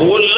¡Hola!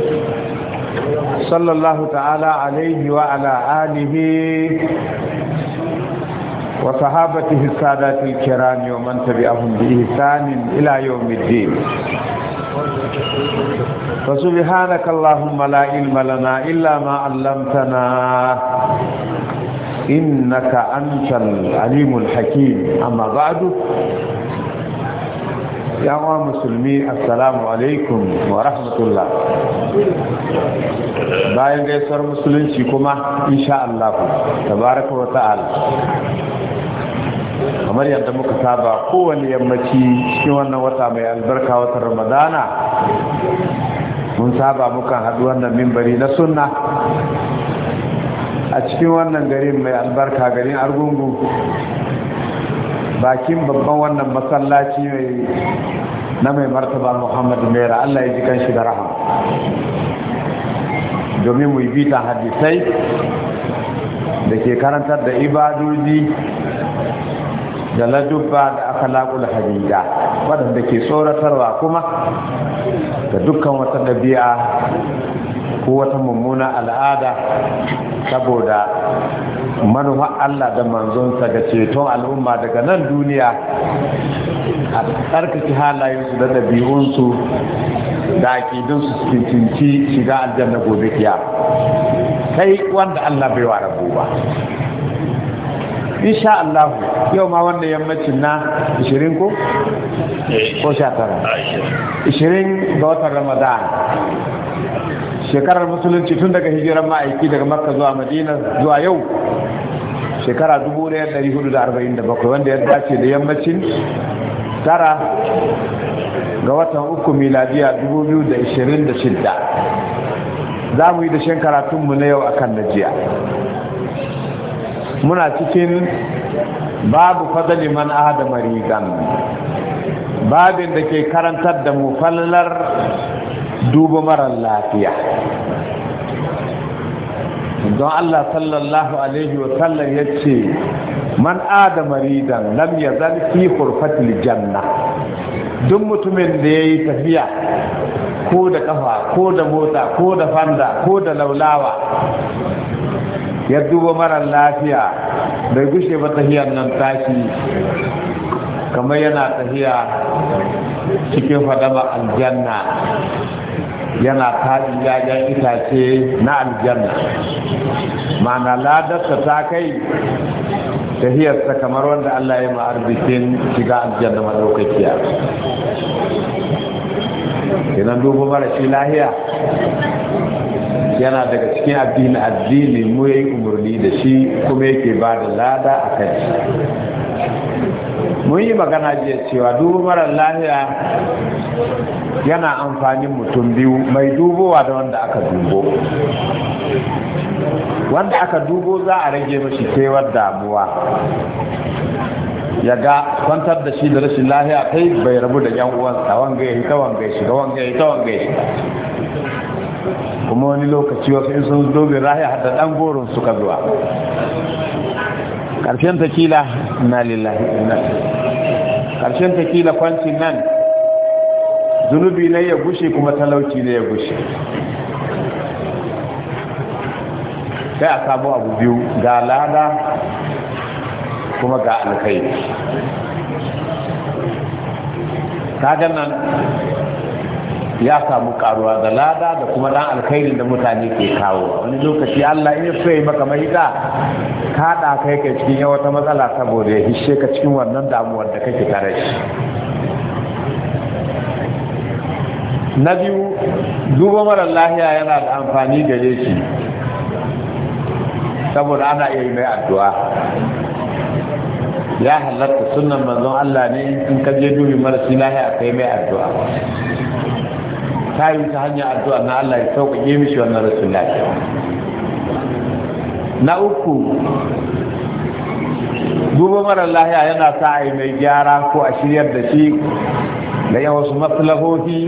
وصلى الله تعالى عليه وعلى آله وصحابته السادات الكرام ومن تبعهم بإحسان إلى يوم الدين فسبحانك اللهم لا علم لنا إلا ما علمتنا إنك أنت العليم الحكيم أما بعد يا مسلمي السلام عليكم ورحمة الله bayan gaisuwar musulunci kuma insha Allah tabaraka wa ta'ala kamar yadda muka saba kowane yammaci cikin wannan wata mai albarka wata ramadana mun saba muka haɗu wannan mimbari na sunna a cikin wannan garin mai albarka garin argungu bakin babban wannan masallaci mai na mai martaba muhammadu naira allah ya ji kan shi da rahama domin mu bi ta hadisai da ke karantar da ibadoji da ladubba da aka akhlaqul hadida waɗanda ke tsoratarwa kuma da dukkan wata dabi'a ko wata mummuna al'ada saboda manufa Allah da manzonsa ga ceton al'umma daga nan duniya a tsarkake halayensu da ɗabi'unsu da aƙidunsu su cincinci shiga aljanna gobe kiya kai wanda Allah bai wa rabu ba insha Allah yau ma wannan yammacin na 20 ko? Eh. ko 19 20 ga watan Ramadan shekarar musulunci tun daga hijiran ma'aiki daga makka zuwa madina zuwa yau shekara 1447 wanda ya dace da yammacin tara ga watan uku miladiya 2026 za mu yi dashen karatunmu na yau akan najiya muna cikin babu fadali man adama rigan, babin da ke karantar da mu fallar duba marar lafiya don Allah sallallahu alaihi wa sallam ya ce man adama maridan lam ya fi furfatil janna duk mutumin da ya yi tafiya ko da kafa ko da mota ko da fanda ko da laulawa ya duba marar lafiya bai gushe ba tahiyar nan tashi kamar yana tafiya cikin fadama aljanna yana faɗi yayan itace na aljanna Ma'ana ladarsa ta kai ta hiyarsa kamar wanda Allah ya ma shiga aljanna madaukakiya kenan dubu mara shi lahiya yana daga cikin addini addini mu yayi umarni da shi kuma yake ba da lada a kai mun yi magana jiya cewa dubu mara lahiya yana amfanin mutum biyu mai dubowa da wanda aka dubo wanda aka dubo za a rage mashi kewar damuwa ya ga kwantar da shi da rashin lahiya kai bai rabu da yan uwansa wanga ya hita wanga ya shiga wanga ya hita wanga ya shiga kuma wani lokaci wasu in sun zobe lahiya har da dan goron suka zuwa karshen takila na lillahi karshen takila kwancin nan zunubi na ya gushe kuma talauci na ya gushe sai a samu abu biyu ga lada kuma ga alkhairi kagan nan ya samu karuwa da lada da kuma dan alkhairin da mutane ke kawo wani lokaci Allah in ya so yi maka mahita kaɗa kai ka cikin wata matsala saboda ya hishe ka cikin wannan damuwar da kake tare shi na biyu duba mara lahiya yana da amfani da shi saboda ana iya yi mai addu'a ya halatta sunan manzon Allah ne in ka je dubi mara lahiya kai mai addu'a ta yi ta hanyar addu'a na Allah ya sauƙaƙe mishi wannan rashin lafiya na uku duba marar lahiya yana sa a yi mai gyara ko a shiryar da shi da yin wasu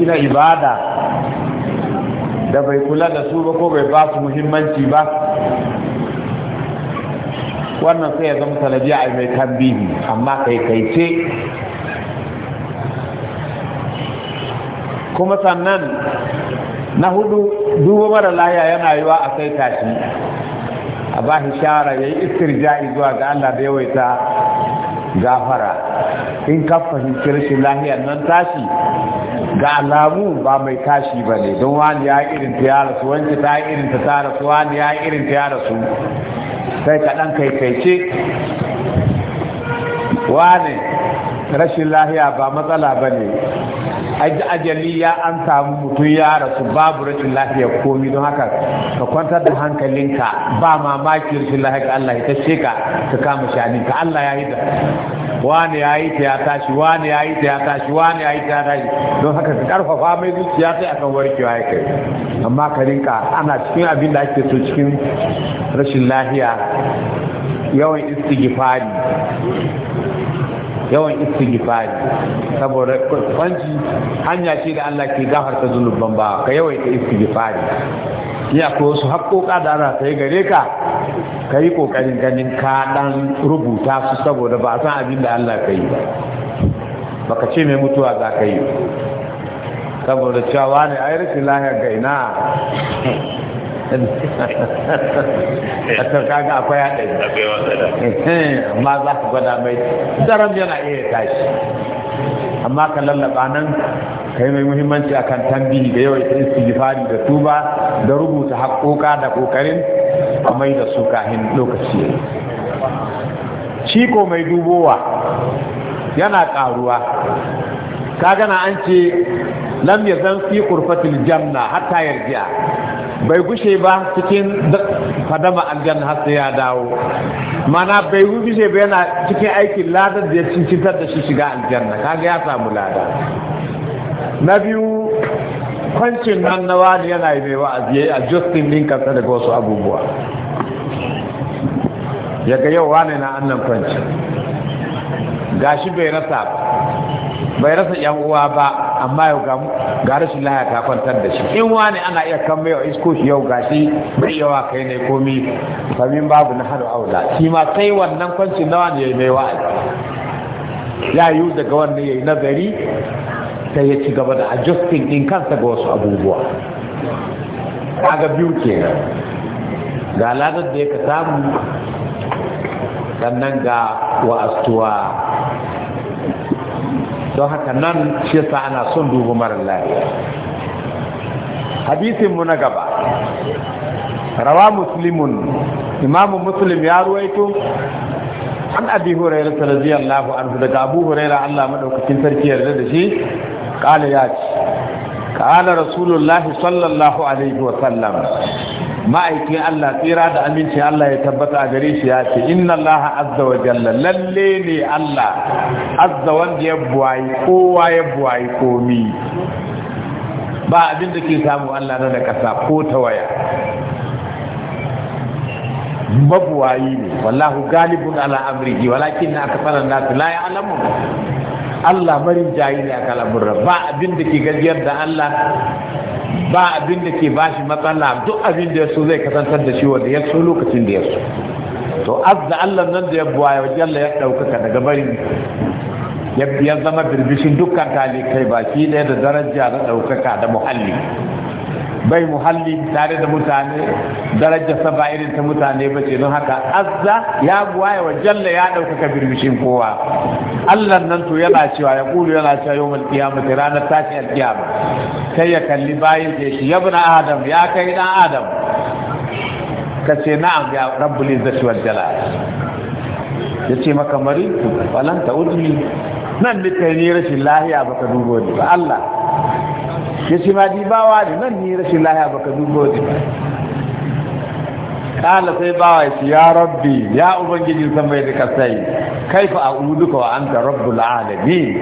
na ibada da bai kula da su ba ko bai ba su muhimmanci ba wannan sai ya zama sanadi a mai tambihi amma kai kai ce kuma sannan na hudu duba mara lahiya yana yiwa a kai tashi a ba shi shara ya yi ja'i zuwa ga Allah da yawaita gafara in ka fahimci rashin lahiyar nan tashi ga alamu ba mai tashi ba ne don wani ya irin ta ya rasu wanke ta irin ta ta rasu wani ya irin ta ya rasu sai kaɗan kai kai ce wani. rashin lahiya ba matsala ba ne ajali ya an samu mutum ya rasu babu rashin lahiya komi don haka ka kwantar da hankalinka ba mamaki rashin lahiya Allah ya tashe ka ka kama shani ka Allah ya yi da wani ya yi ta ya tashi wani ya yi ta ya tashi wani ya yi ta ya tashi don haka ka karfafa mai zuciya sai akan warkewa ya kai amma ka rinka ana cikin abin da ake so cikin rashin lahiya yawan istighfari yawan istighfari saboda kwanci hanya ce da Allah ke gafarta zunuban ba ka yawaita istighfari iya ko su haƙoƙa da ana sai gare ka ka yi ƙoƙarin ganin ka ɗan rubuta su saboda ba a san abin da Allah ka yi ba ka ce mai mutuwa za ka yi saboda cewa ne yi rashin lahiyar gaina a kan ga akwai haɗari akwai eh, amma za ka gwada mai daren yana iya tashi amma ka lallaba nan ka yi mai muhimmanci akan tambihi da yawaita istighfari da tuba da rubuta haƙoƙa da ƙoƙarin a mai da su kahin lokaci ciko mai dubowa yana ƙaruwa ka gana an ce lam zan fi qurfatil janna hatta yarji'a bai gushe ba cikin fadama aljanna har sai ya dawo mana bai gushe ba yana cikin aikin ladar da ya cincintar da shi shiga aljanna kaga ya samu lada na biyu kwancin nan na wani yana yi mai wa'azi a justin lincoln daga wasu abubuwa ya ga yau wane na annan kwanci gashi bai rasa bai rasa yan uwa ba amma yau ga rashin laya ta kwantar da shi in wani ana iya kan mai isko shi yau ga shi bai yawa kai ne komi kamin babu na hadu aula shi ma sai wannan kwanci nawa ne yayi mai wa'azi ya yi daga wannan yayi nazari sai ya ci gaba da adjusting din kansa ga wasu abubuwa kaga biyu kenan ga ladar da ya ka samu sannan ga wa'astuwa don haka nan shi yasa ana son dubu mara lafiya hadisin mu na gaba rawa muslimun imamu muslim ya ruwaito an abi hurairah radiyallahu anhu daga abu huraira Allah madaukakin sarki yarda da shi qala ya ce qala rasulullahi sallallahu alaihi wa sallam ma'aikin Allah tsira da aminci Allah ya tabbata a gare shi ya ce inna Allah azza wa jalla lalle ne Allah azza wanda ya buwayi kowa ya buwayi komi ba abin da ke samu Allah na da kasa ko ta waya mabuwayi ne wallahu galibun ala amrihi walakin na akasara nasu la ya'lamun Allah marin jayi ne a kalamun ba abin da ke gajiyar da Allah ba abin da ke bashi matsala duk abin da ya so zai kasantar da shi wanda ya so lokacin da ya so to azza Allah nan da ya buwaye wa jalla ya ɗaukaka daga barin ya zama birbishin dukkan talikai baki ɗaya da daraja da ɗaukaka da muhalli bai muhalli tare da mutane darajar saba irin ta mutane ba ce don haka azza ya buwaye wa jalla ya ɗaukaka birbishin kowa Allah nan to yana cewa ya kulu yana cewa yau mal ta ranar tashi alkiyama sai ya kalli bayan da shi ya buna adam ya kai dan adam ka ce na'am ya rabbul izzati wal jalal ya ce maka mari falan ta udni nan ne kai ne rashin lahiya baka dubo ni ba Allah ya ce ma dibawa ne nan ni rashin lahiya baka dubo ne ba kala sai bawa ya ce ya rabbi ya ubangijin san bai da kasai kaifa a'uduka wa anta rabbu alamin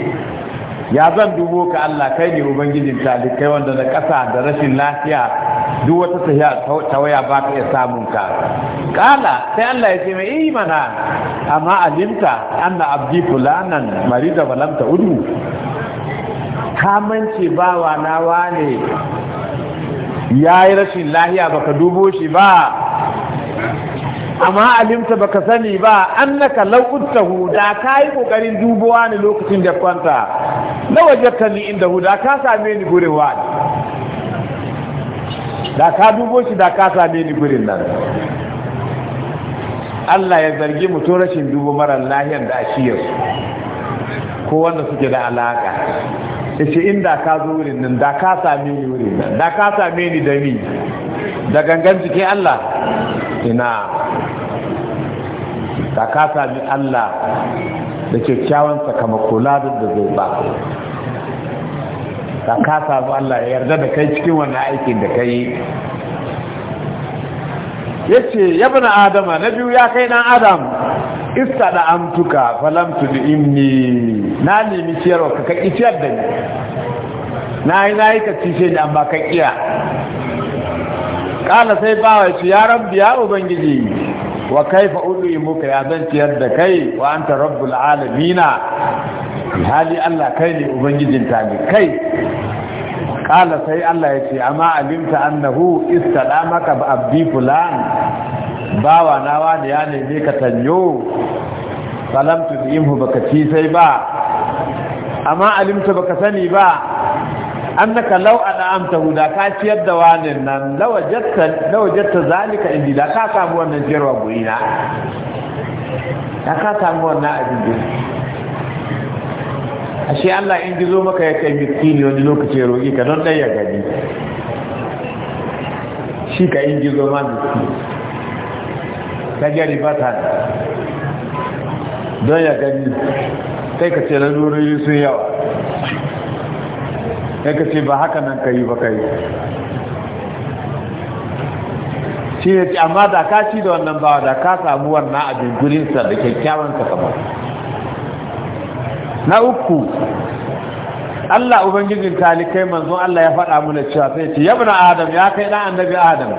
ya zan dubo ka Allah kai ne ubangijin talikai wanda na kasa da rashin lafiya duk wata tawaya ba ka iya samun ka kala sai Allah ya ce mai imana eh, amma alimta anna abdi fulanan marida balamta udu kamance bawa na wane ya yi rashin lahiya baka dubo shi ba amma alimta baka sani ba annaka lau'uttahu da ka yi kokarin dubowa ne lokacin da kwanta na ni inda huda ka same ni gurin wani da ka dubo shi da ka same ni gurin nan Allah ya zargi mutum rashin dubo mara lahiyar da ashiyar ko wanda suke da alaka yace inda ka zo wurin nan da ka same ni wurin nan da ka same ni da ni da gangan jikin Allah ina da ka sami Allah da kyakkyawan sakamako ladin da zai ba da ka sami Allah ya yarda da kai cikin wannan aikin da ka yi ya ce yabana adama na biyu ya kai dan adam ista da amtuka falam tu inni na nemi ciyarwa ka kaki ciyar da ni na yi na yi ka ci ni amma ka kiya kala sai bawa shi ya rabbi ya ubangiji wa kaifa ulu muka ya zan ciyar da kai wa anta rabbul alamina hali Allah kai ne ubangijin ta ne kai kala sai Allah ya ce amma alimta annahu istadamaka bi abdi fulan bawa na wani ya neme ka tanyo salamtu da imhu baka ci sai ba amma alimta baka sani ba annaka law ana amta huda ka ciyar da wani nan lawajatta zalika indi da ka samu wannan ciyarwa gurina da ka samu wannan abin ashe Allah in gizo maka ya kai miskini wani lokacin roƙi ka don ɗaya gani shi ka in gizo ma miskini ta ba ta don ya gani sai ka ce na nuri sun yawa Kai ka ce ba haka nan ka yi ba ka yi shi ya ce amma da ka ci da wannan bawa da ka samu wannan abin gurinsa da kyakkyawan kamar? na uku Allah Ubangijin talikai manzon Allah ya faɗa mana cewa sai ce ya bana Adam ya kai ɗan annabi Adam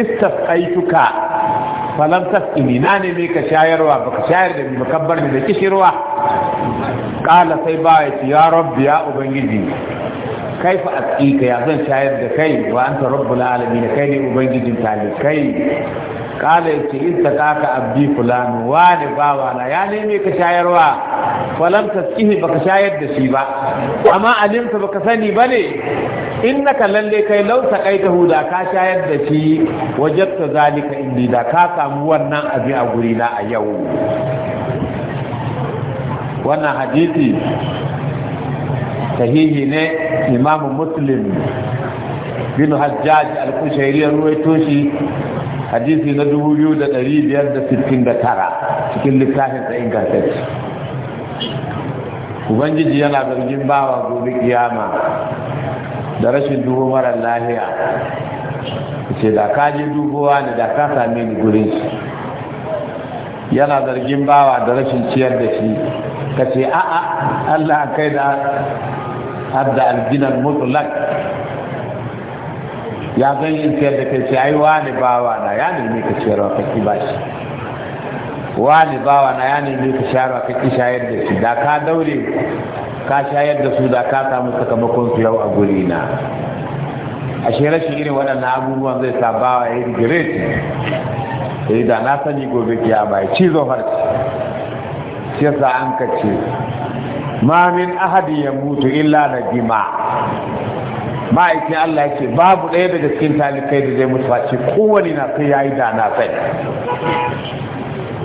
istasqaituka falam tasqini na ne me ka shayarwa baka shayar da ni da kishirwa qala sai ba ya ya rabbi ya ubangiji kaifa asqika ya zan shayar da kai wa anta rabbul alamin kai ne ubangijin talikai kala yace in ta kaka abdi fulan wani bawa na ya neme ka shayarwa falam tasqihi baka shayar da shi ba amma alimta baka sani bane innaka lalle kai law taqaitahu da ka shayar da shi wajabta zalika indi da ka samu wannan abin a guri na a yau wannan hadisi sahihi ne imamu muslim bin hajjaj al-kushairi ruwaito shi hadisi na 2569 cikin littafin sa ingantacce ubangiji yana zargin bawa gobe kiyama da rashin dubo marar lahiya ce da ka je dubowa ne da ka sami gurin shi yana zargin bawa da rashin ciyar da shi ka ce a'a allah kai da adda albinan mutlak ya zan yi ciyar da kai ce ai wani bawa na ya nemi ka ciyarwa wa ki ba shi wani bawa na ya nemi ka shayarwa wa ki shayar da shi da ka daure ka shayar da su da ka samu sakamakon su yau a guri na ashe rashin irin waɗannan abubuwan zai sa ba ya yi great sai eh, da na sani gobe kiyama bai cizo harci shi yasa an kace ma min ahadi ya mutu illa na ma ma'aikin Allah ya ce babu ɗaya daga cikin talikai da zai mutu face kowane na sai ya yi da na sai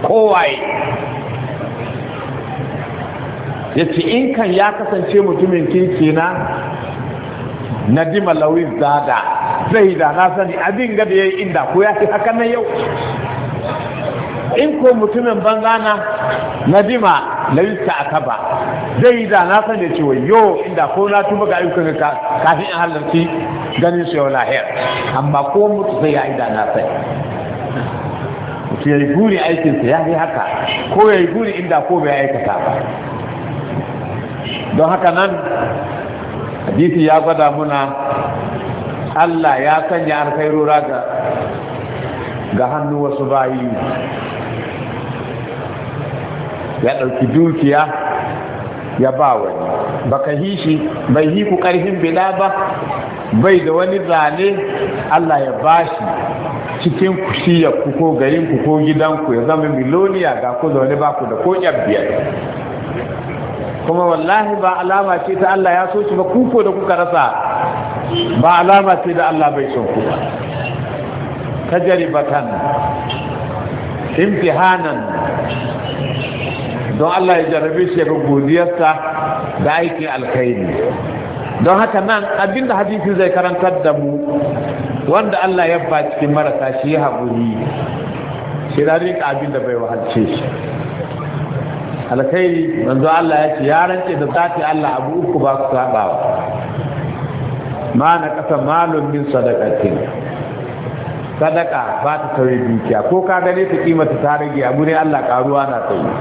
kowaye ya ce in kan ya kasance mutumin kirki na nadima lawis zada zai da na sani abin gada ya yi inda ko ya fi haka na yau in ko mutumin banza na nadima lawis ta aka ba zai da na sani ce wai yo inda ko na tuba ga ayyukan kafin in halarci ganin su yau lahiyar amma ko mutu sai ya yi da na sani mutu ya yi guri aikinsa ya yi haka ko ya yi guri inda ko bai aikata ba don haka nan hadisi ya gwada muna Allah ya sanya alkhairura ga ga hannu wasu bayi ya ɗauki dukiya ya ba wani baka shi. bai ku ƙarfin bila ba bai da wani zane Allah ya bashi cikin ku ko ku ko gidanku ya zama miloniya ga ku zaune ba ku da ko biyar kuma wallahi ba alama ce ta Allah ya so ba kuko da kuka rasa ba alama ce da Allah bai son ku ba imtihanan don Allah ya jarabe shi ga godiyarsa da aikin alkhairi don haka nan abinda hadisi zai karantar da mu wanda Allah ya ba cikin marasa shi ya haƙuri shi da abinda bai wahalce shi alkhairi manzo Allah ya ce ya rance da zati Allah abu uku ba su sabawa ma na kasa malum min sadaqati sadaka ba ta tare dukiya ko ka gane ta kimata ta rage abu ne Allah karuwa na tsaye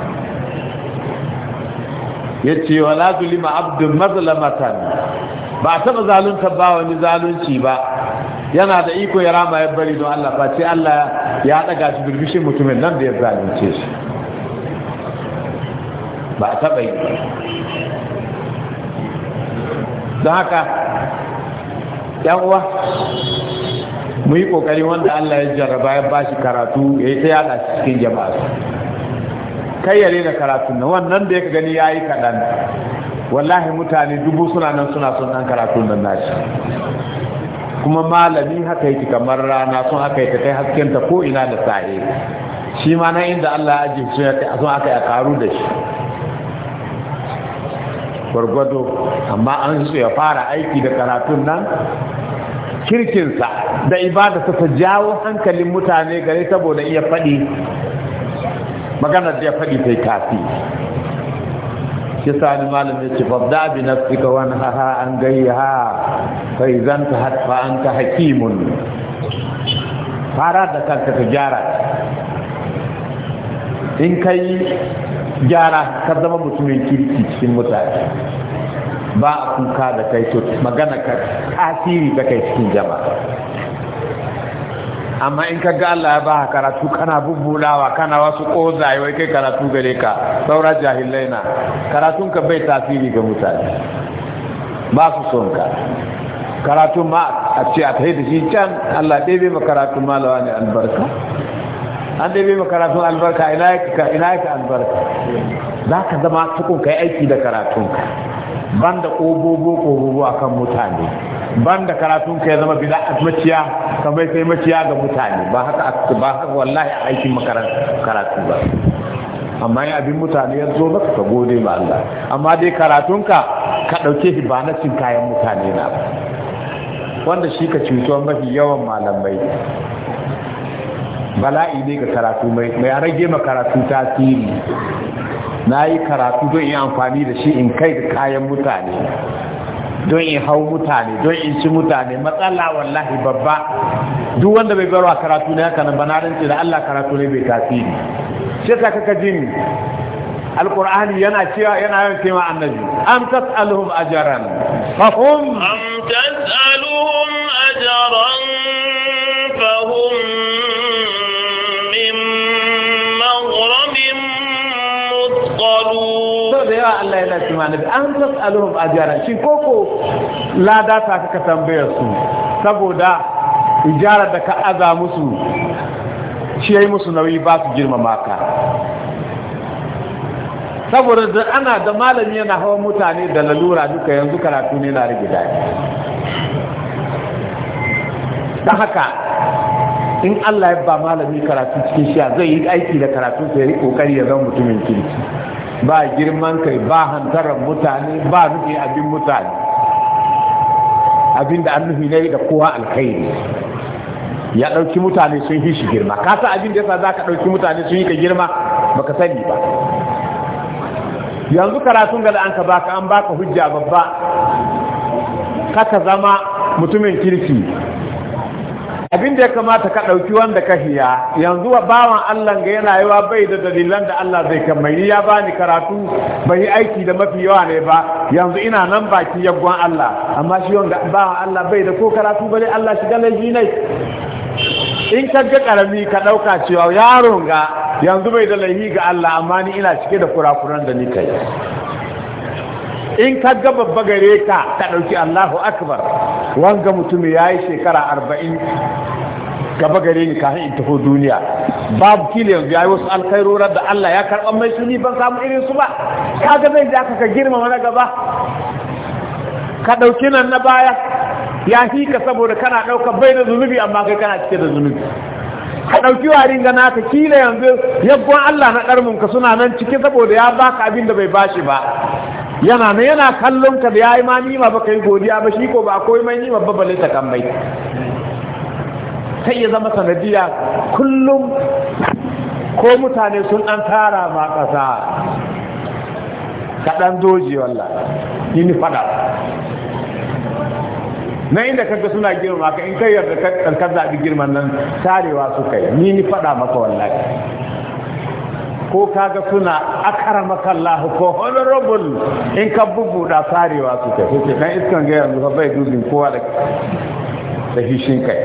yace wala zulima abdun mazlamatan ba taba zalunta ba wani zalunci ba yana da iko ya rama ya bari don Allah ba sai Allah ya daga shi birbishin mutumin nan da ya zalunce shi ba a taɓa yi don haka uwa mu yi ƙoƙari wanda allah ya jarraba ya ba shi karatu ya yi ta yada cikin jama'a kai ya rena karatun nan wannan da ya gani ya yi kaɗan wallahi mutane dubu suna nan suna son ɗan karatu nan nashi kuma malami haka yake kamar rana sun haka ta kai haskenta ko ina da sa'i shi ma na inda Allah ya ajiye su ya kai a aka ya karu da shi gwargwado amma an so ya fara aiki da karatun nan kirkinsa da ibada ta jawo hankalin mutane gare saboda iya faɗi maganar da ya faɗi sai kafi kisa ni malam ya ce fabda bi suka wani haha an gayyaha kai zan ta hatfa anta hakimun fara da kanka ta gyara in kai gyara ka zama mutumin kirki cikin mutane ba a kuka da kai to magana ka tasiri ba kai cikin jama'a amma in ka ga Allah ya ba ka karatu kana bubbulawa kana wasu koza wai kai karatu gare ka saura jahilai na karatun ka bai tasiri ga mutane ba su son ka karatu ma a ce a tafi da shi can Allah ɗebe ma karatu malawa ne albarka an dai bai karatun albarka ina yake albarka za ka zama tukun kai aiki da karatunka ban da ƙobobo ƙobobo a kan mutane ban da karatun ka ya zama bida maciya bai sai maciya ga mutane ba haka ba haka wallahi a aikin karatu ba amma ya abin mutane ya zo maka ka gode ma Allah amma dai karatun ka ɗauke shi ba na cin kayan mutane na ba wanda shi ka cuto mafi yawan malamai bala'i ne ga karatu mai mai rage makaratu karatu tasiri na yi karatu don yi amfani da shi in kai da kayan mutane don in hau mutane don in ci mutane matsala wallahi babba duk wanda bai barwa karatu ne haka nan bana da Allah karatu ne bai tasiri sai ka kaka jin alqur'ani yana cewa yana yawan cewa annabi am tas'aluhum ajran fa am tas'aluhum ajran yawa Allah ya ce ma nabi an tas'aluhum ajran shi koko lada ta ka tambayar su saboda ijara da ka aza musu shi yayi musu nauyi ba su girma maka, saboda da ana da malami yana hawan mutane da lalura duka yanzu karatu ne na rage daɗi da haka in Allah ya ba malami karatu cikin shiya zai yi aiki da karatu sai ya yi kokari ya zama mutumin kirki ba girman kai ba hantarar mutane ba nufi abin mutane abin da an nufi ne da kowa alkhairi ya ɗauki mutane sun yi shi girma ka sa abin da yasa za ka ɗauki mutane sun yi ka girma baka sani ba yanzu karatun gada an ka baka an baka hujja babba kaka zama mutumin kirki abin da ya kamata ka ɗauki wanda ka hiya yanzu wa bawan Allah ga yana yawa bai da dalilan da Allah zai kamai ya bani karatu bai yi aiki da mafi yawa ne ba yanzu ina nan baki yaggon Allah amma shi wanda bawan Allah bai da ko karatu ne Allah shiga laifi ne in ka ga karami ka ɗauka cewa yaron ga yanzu bai da laifi ga Allah amma ni ina cike da kurakuran da ni kai in ka ga babba gare ka ka ɗauki Allahu akbar wanga mutum ya yi shekara arba'in gaba gare ni kafin in taho duniya babu kila yanzu ya yi wasu alkhairorar da Allah ya karɓa mai suni ni ban samu irin su ba Ka ga zai ji aka ka girmama na gaba ka ɗauki nan na baya ya hika ka saboda kana ɗauka bai da zunubi amma kai kana cike da zunubi ka ɗauki warin ga naka kila yanzu yabgon Allah na ƙarmin ka suna nan ciki saboda ya baka abin da bai bashi ba yana nan yana kallon ka da yayi ma nima ba yi godiya ba shi ko ba akwai mai nima ba balle ta kan bai sai ya zama sanadiyya kullum ko mutane sun ɗan tara ma ƙasa ka doji wallah yini fada na inda kaga suna girma ka in kai yarda ka zaɓi girman nan tarewa su kai ni ni faɗa maka wallahi ko kaga suna akara maka Allah ko honorable in ka bubuɗa tarewa su kai sai kai iskan ga yanzu bai dubin kowa da da hishin kai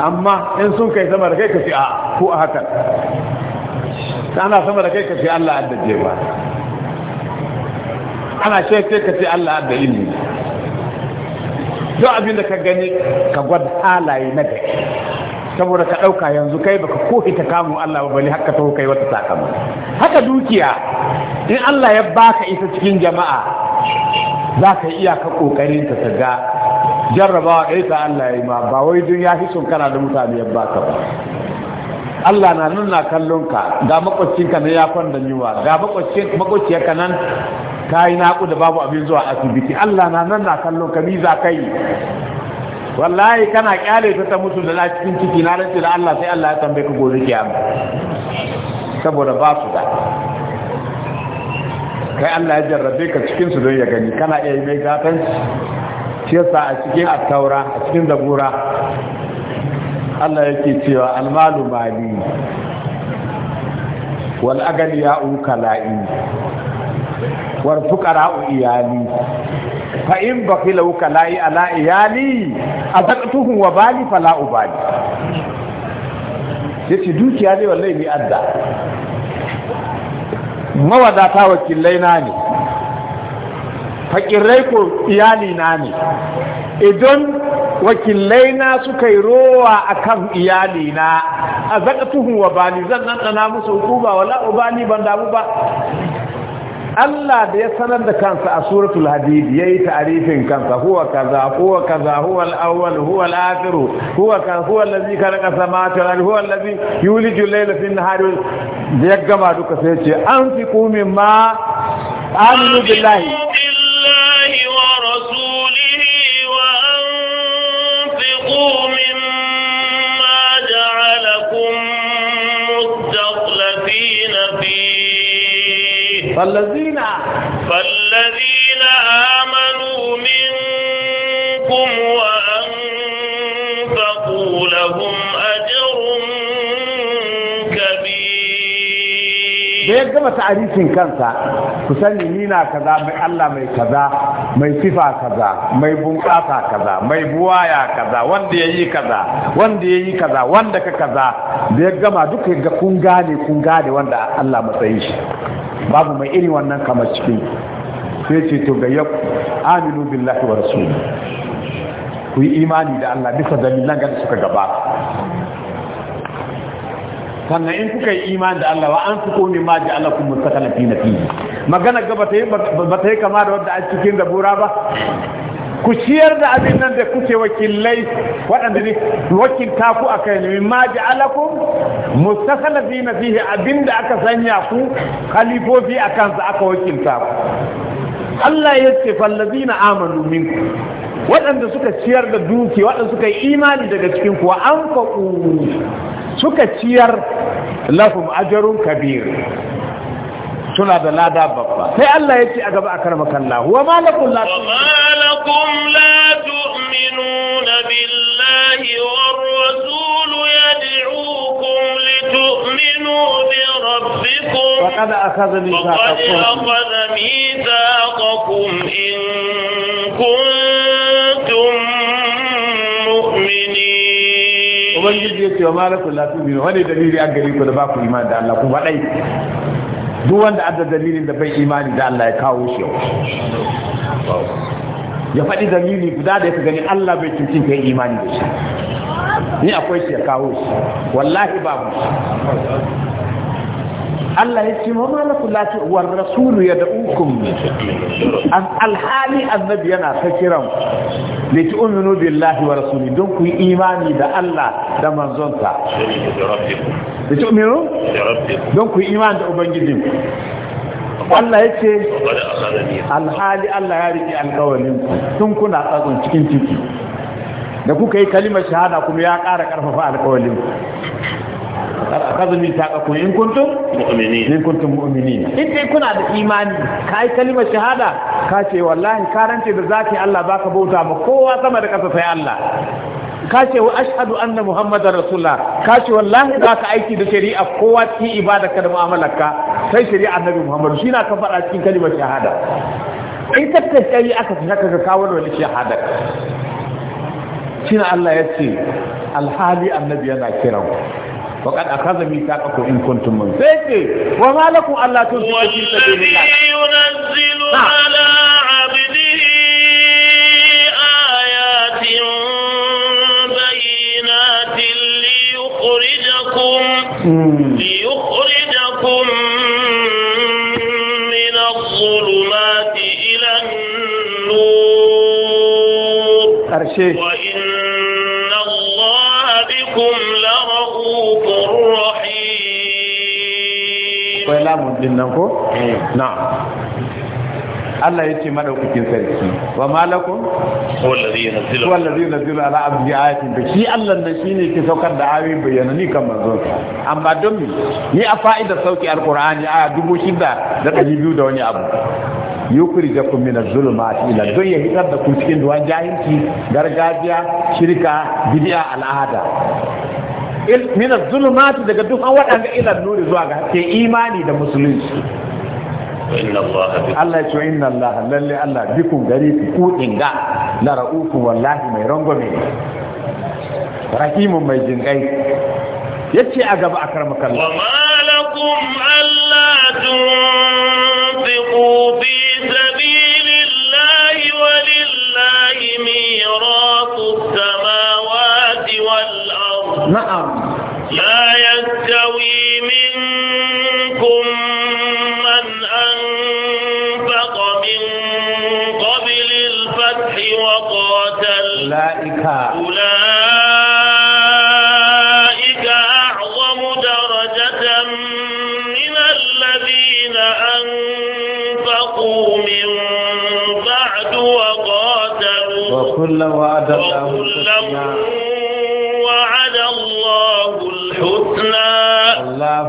amma in sun kai sama da kai ka ce a ko a hakan ana sama da kai ka ce Allah addaje ba ana shekai ka ce Allah addaje ilmi duk abin da ka gani ka gwada halaye na gari saboda ka ɗauka yanzu kai baka ko ita kamun Allah ba bali haka taho kai wata sakama haka dukiya in Allah ya baka ita cikin jama'a za ka iya ka kokarin ka ga jarrabawa ɗaya ta Allah ya ma ba wai dun ya fi son kana da mutane ya baka ba Allah na nuna kallon ka ga makwacinka na ya kwanda yiwa ga ka nan ka yi da babu abin zuwa asibiti Allah na nan na kallon ka za ka wallahi kana kyale ta ta mutu da cikin ciki na rance da Allah sai Allah ya tambaye ka gobe kiyama saboda ba su da kai Allah ya jarrabe ka cikin su don ya gani kana iya yi mai gatan shi yasa a cikin attaura a cikin zabura Allah yake cewa almalu mali wal agali ya ukala'i war fuqara'u iyali fa in bakila wukalai ala iyali azaqtuhu wa bali fala ubali yace dukiya ne wallahi ni adda mawadata wakilai na ne fakirai ko iyali na ne idan wakilai na suka yi akan iyali na a zaka tuhun wa bali zan nan dana musu hukuma wala ubali ban damu ba Allah da ya sanar da kansa a suratul hadid yayi ta'arifin kansa huwa kaza huwa kaza huwa al-awwal huwa al-akhir huwa kaza huwa allazi khalaqa samawati wal huwa allazi yuliju al-layla fi an-nahari da ya gama duka sai ce an fi qumi ma aminu billahi فالذين فالذين آمنوا منكم وأنفقوا لهم أجر da ya gama ta'arifin kansa ku sani ni na kaza mai Allah mai kaza mai sifa kaza mai bunƙasa kaza mai buwaya kaza wanda yayi kaza wanda yayi kaza wanda ka kaza da ya gama duka ga kun gane kun gane wanda Allah matsayin shi babu mai irin wannan kamar cikin sai ce to ga yau aminu billahi wa rasuli ku yi imani da Allah bisa dalilan ga suka gabata sannan in kuka yi imani da Allah wa an su kone ma ji Allah kun na fi fi magana ga ba ta yi kama da wadda a cikin zabura ba ku ciyar da abin nan da kuke wakilai waɗanda ne wakilta ku a kai ne ma ja'alakum na fihi abin da aka sanya ku kalifofi a kansa aka wakilta ku Allah ya ce na amanu minku waɗanda suka ciyar da duki waɗanda suka yi imani daga cikin kuwa an faɗu suka ciyar lafum ajarun kabir tuna da lada babba sai Allah ya ce a gaba a karmakan lahu wa malakum la malakum la tu'minuna billahi war rasul yad'ukum litu'minu bi rabbikum faqad akhadha mithaqakum in kuntum mu'minin ubangiji ya ce wa malakum la tu'minu wani dalili an gari ku da ba ku imani da Allah ku wadai duk wanda adda dalilin da bai imani da Allah ya kawo shi ya faɗi dalili guda da ya gani Allah bai cutin kai imani da shi ni akwai shi ya kawo shi wallahi babu Allah ya ce ma lakum la wa rasulu yad'ukum an alhali annabi yana ta kiran li tu'minu billahi wa rasuli don ku imani da Allah da manzonta li tu'minu don ku imani da ubangijin Allah ya ce alhali Allah ya riƙe alƙawarin tun kuna tsatsun cikin ciki da kuka yi kalimar shahada kuma ya ƙara ƙarfafa alƙawarin kar akazumi ta kaku in kuntum mu'minin in kuntum mu'minin in dai kuna da imani kai kalimar shahada ka ce wallahi ka karance da zaki Allah baka bauta ma kowa sama da kasa sai Allah ka ce wa ashhadu anna muhammadar rasulullah ka ce wallahi za ka aiki da shari'a kowa cikin ibada ka da mu'amalarka sai shari'a annabi muhammadu shi na ka faɗa cikin kalimar shahada in ka tattari aka fi haka ga kawo wani shahada shi na Allah ya ce alhali annabi yana kiran ku. وقد أخذ ميثاقكم إن كنتم مؤمنين إيه إيه؟ وما لكم ألا تنفقوا في سبيل الله ينزل نعم. على عبده آيات بينات ليخرجكم ليخرجكم من الظلمات إلى النور alif din nan ko eh. na Allah ya ce madaukakin sarki wa malakum wallazi yunzilu wallazi yunzilu ala abdi ayatin da shi Allah ne shine ke saukar da ayoyi bayanani kan manzo amma don me ni a fa'ida sauki alqur'ani a dubu shida da ɗari biyu da wani abu yukuri da kun mina zulma ila don ya hitar da ku cikin duwan jahilci gargajiya shirka bid'a al'ada min zulumati daga duhan waɗanda ila nuri zuwa ga haske imani da musulunci Allah ya ce inna Allah lalle Allah bikum gari ku inga la ra'uku wallahi mai rangwame rahimun mai jinkai yace a gaba a wa ma alla tunfiqu fi نعم لا يستوي منكم من أنفق من قبل الفتح وقاتل أولئك أولئك أعظم درجة من الذين أنفقوا من بعد وقاتلوا وكل وعد الله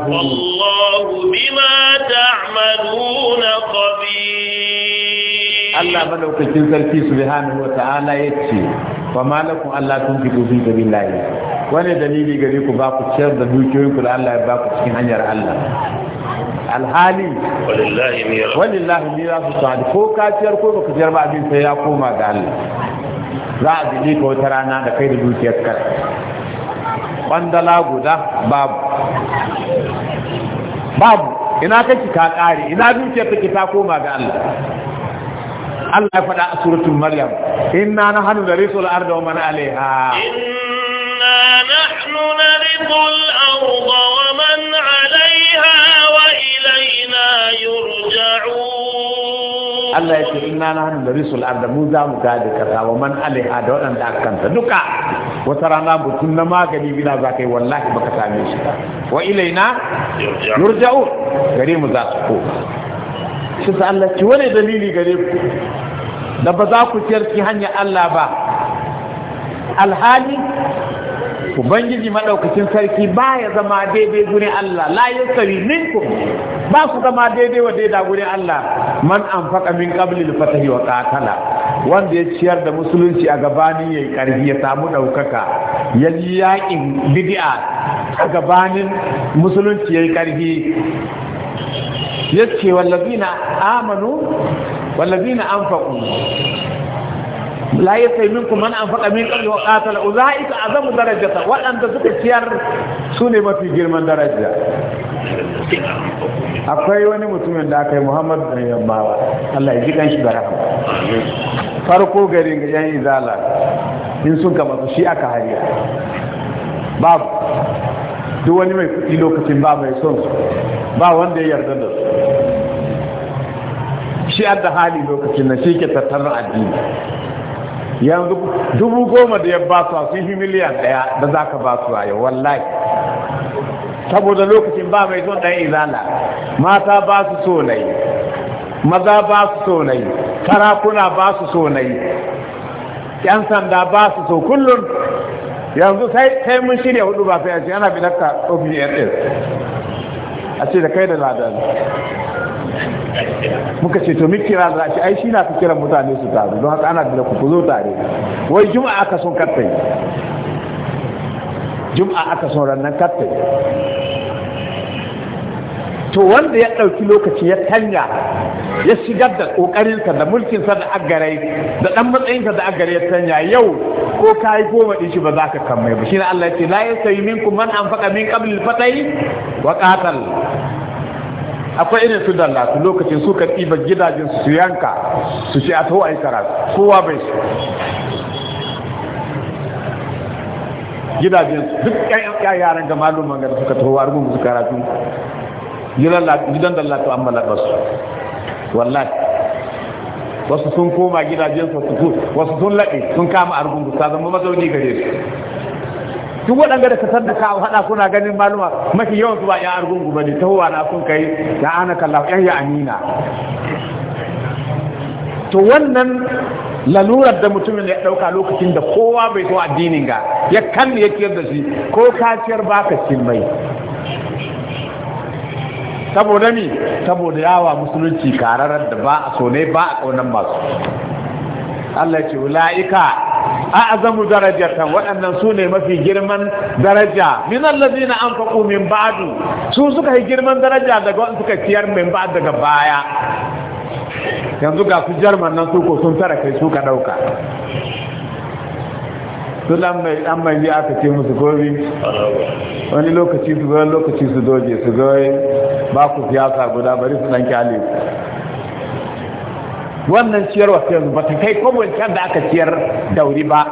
والله بما تعملون خبير الله ملوكتين سرتي سبحانه وتعالى يتشي فما لكم الله تنفقوا في سبيل الله wani dalili gari ku ba ku ciyar da dukiyoyinku da Allah ya ba ku cikin hanyar Allah alhali walillahi mirasu sa'ad ko ka ciyar ko baka abin ya koma ga Allah za a bige ka wata rana da kai da dukiyar kar kwandala guda babu babu ina kake ka kare ina duke take ta koma ga Allah Allah ya faɗa a suratul maryam inna nahnu narisul arda wa man alaiha inna nahnu narisul arda wa man alaiha wa ilayna yurja'u Allah ya ce na hannun da narisul arda mu za mu da kasa wa man alaiha da waɗanda aka kanta duka wata rana butun na magani bila za ka yi wallahi baka same shi ba wa ilaina yurja'u gare mu za su ko. shi sa Allah ci wani dalili gare ku da ba za ku ciyar ki hanya Allah ba alhali ubangiji madaukakin sarki ba ya zama daidai gure Allah la yasawi minkum ba su zama daidai wa daida gure Allah man anfaqa min qabli al-fatahi wa qatala wanda ya ciyar da musulunci a gabanin yayi ƙarfi ya samu daukaka ya yi yakin bid'a a gabanin musulunci yayi karfi yace wallazina amanu wallazina anfaqu la yasai minkum man faɗa min ƙarfi wa qatala a zama darajata waɗanda suka ciyar su ne mafi girman daraja akwai wani mutumin da aka yi da bin yammawa Allah ya ji kan shi da rahama farko garin yan izala in sun gaba su shi aka hariya babu duk wani mai kuɗi lokacin ba mai son su ba wanda ya yarda da su shi adda hali lokacin na shi ke tattalin addini yanzu dubu goma da ya ba su sun fi miliyan ɗaya da za ka ba su a yau wallahi saboda lokacin ba mai son ɗan izala mata ba su sonai, maza ba su sonai, ba su sonai, yan sanda ba su so kullum yanzu sai mun shirya hudu ba sai a ce ana daga ofis a ce da kai da ladan muka ce to mikira za ci ai shi na fi kiran mutane su taru don haka ana da ku zo tare wai juma'a aka son kattai juma'a aka son rannan kattai to wanda ya ɗauki lokaci ya tanya ya shigar da ka da mulkin sa da agarai da ɗan ka da agarai ya tanya yau ko kai ko goma ɗin shi ba za ka kammai ba shi na Allah ya ce la ya sayi minkum man an faɗa min qabl al-fatai wa qatal akwai irin su dalla su lokacin su kan ɗiba gidajen su yanka su ce a tawo a yi karatu kowa bai su gidajen su duk ƴaƴan yaran ga maluman ga suka tawo a rubu su karatu gidan dalla to an malaba su wallahi wasu sun koma gidajen su wasu sun laɗe sun kama a rubu su ta zama mazauni gare su duk waɗanda da kasar da kawo haɗa kuna ganin maluma mafi yawan zuwa ba ya argungu ba ne ta huwa na kun kai ya ana kallawa yan ya amina to wannan lalurar da mutumin ya ɗauka lokacin da kowa bai zo addinin ga ya kan ya ciyar da shi ko kaciyar ba ka cin mai saboda mi saboda yawa musulunci kararar da ba a so ne ba a ƙaunar masu Allah ce wula'ika a'azamu darajatan waɗannan su ne mafi girman daraja min allazina anfaqu min ba'du su suka yi girman daraja daga wanda suka ciyar min ba'd daga baya yanzu ga su jarman nan su ko sun tara kai su ka dauka sun an mai aka ce musu gobe wani lokaci su goyi lokaci su doje su ba ku siyasa guda bari su ɗan kyale wannan ciyarwa ta yanzu ba ta kai can da aka ciyar da wuri ba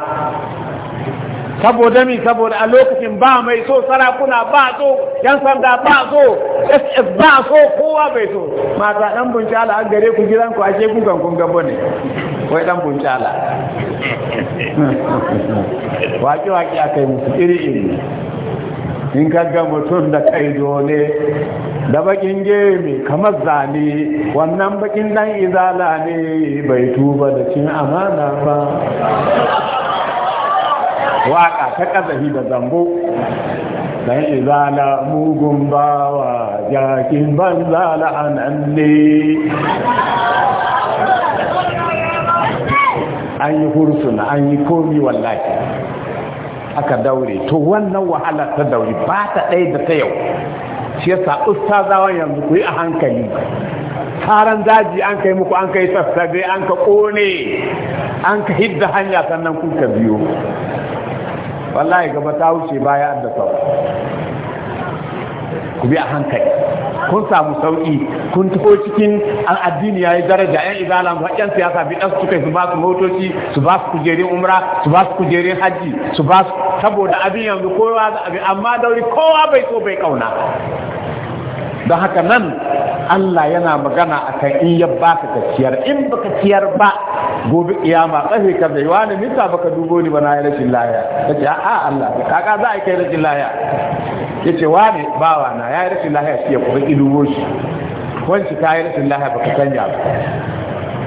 saboda mi saboda a lokacin ba mai so sarakuna ba so yan sanda ba so ss ba so kowa bai so mata dan buncala an gare ku gidan ku ashe ku kan kun ne wai dan buncala waki waki akai musu iri iri in ga mutum da kaido ne da bakin gemi kamar zane wannan bakin dan izala ne bai tuba da cin amana ba waka ta kazahi da zambo dan izala mugun bawa jakin banza la'anan ne an yi hursun an yi komi wallahi aka daure to wannan wahala ta daure ba ta ɗaya da ta yau shi yasa ustazawa yanzu ku a hankali Tsaron daji an kai muku an yi sassabe an ka ƙone an ka hidda hanya sannan kuka biyo wallahi gaba ta wuce baya da sau ku bi a hankali kun samu sauki kun taho cikin an addini yayi daraja yan izala mu yan siyasa bi dan suka su ba su motoci su ba su kujerin umra su ba su kujerin haji su ba su saboda abin yanzu kowa da abin amma dauri kowa bai so bai kauna don haka nan Allah yana magana kan in ya ba ka ciyar in ba kaciyar ba gobe kiyama tsafe ka zai wani mita baka dubo ni ba na yi rashin laya ce a Allah kaka za a kai rashin laya ce wani bawa na ya yi rashin laya shi ya kuma ilu shi wancan ta yi rashin laya baka sanya ba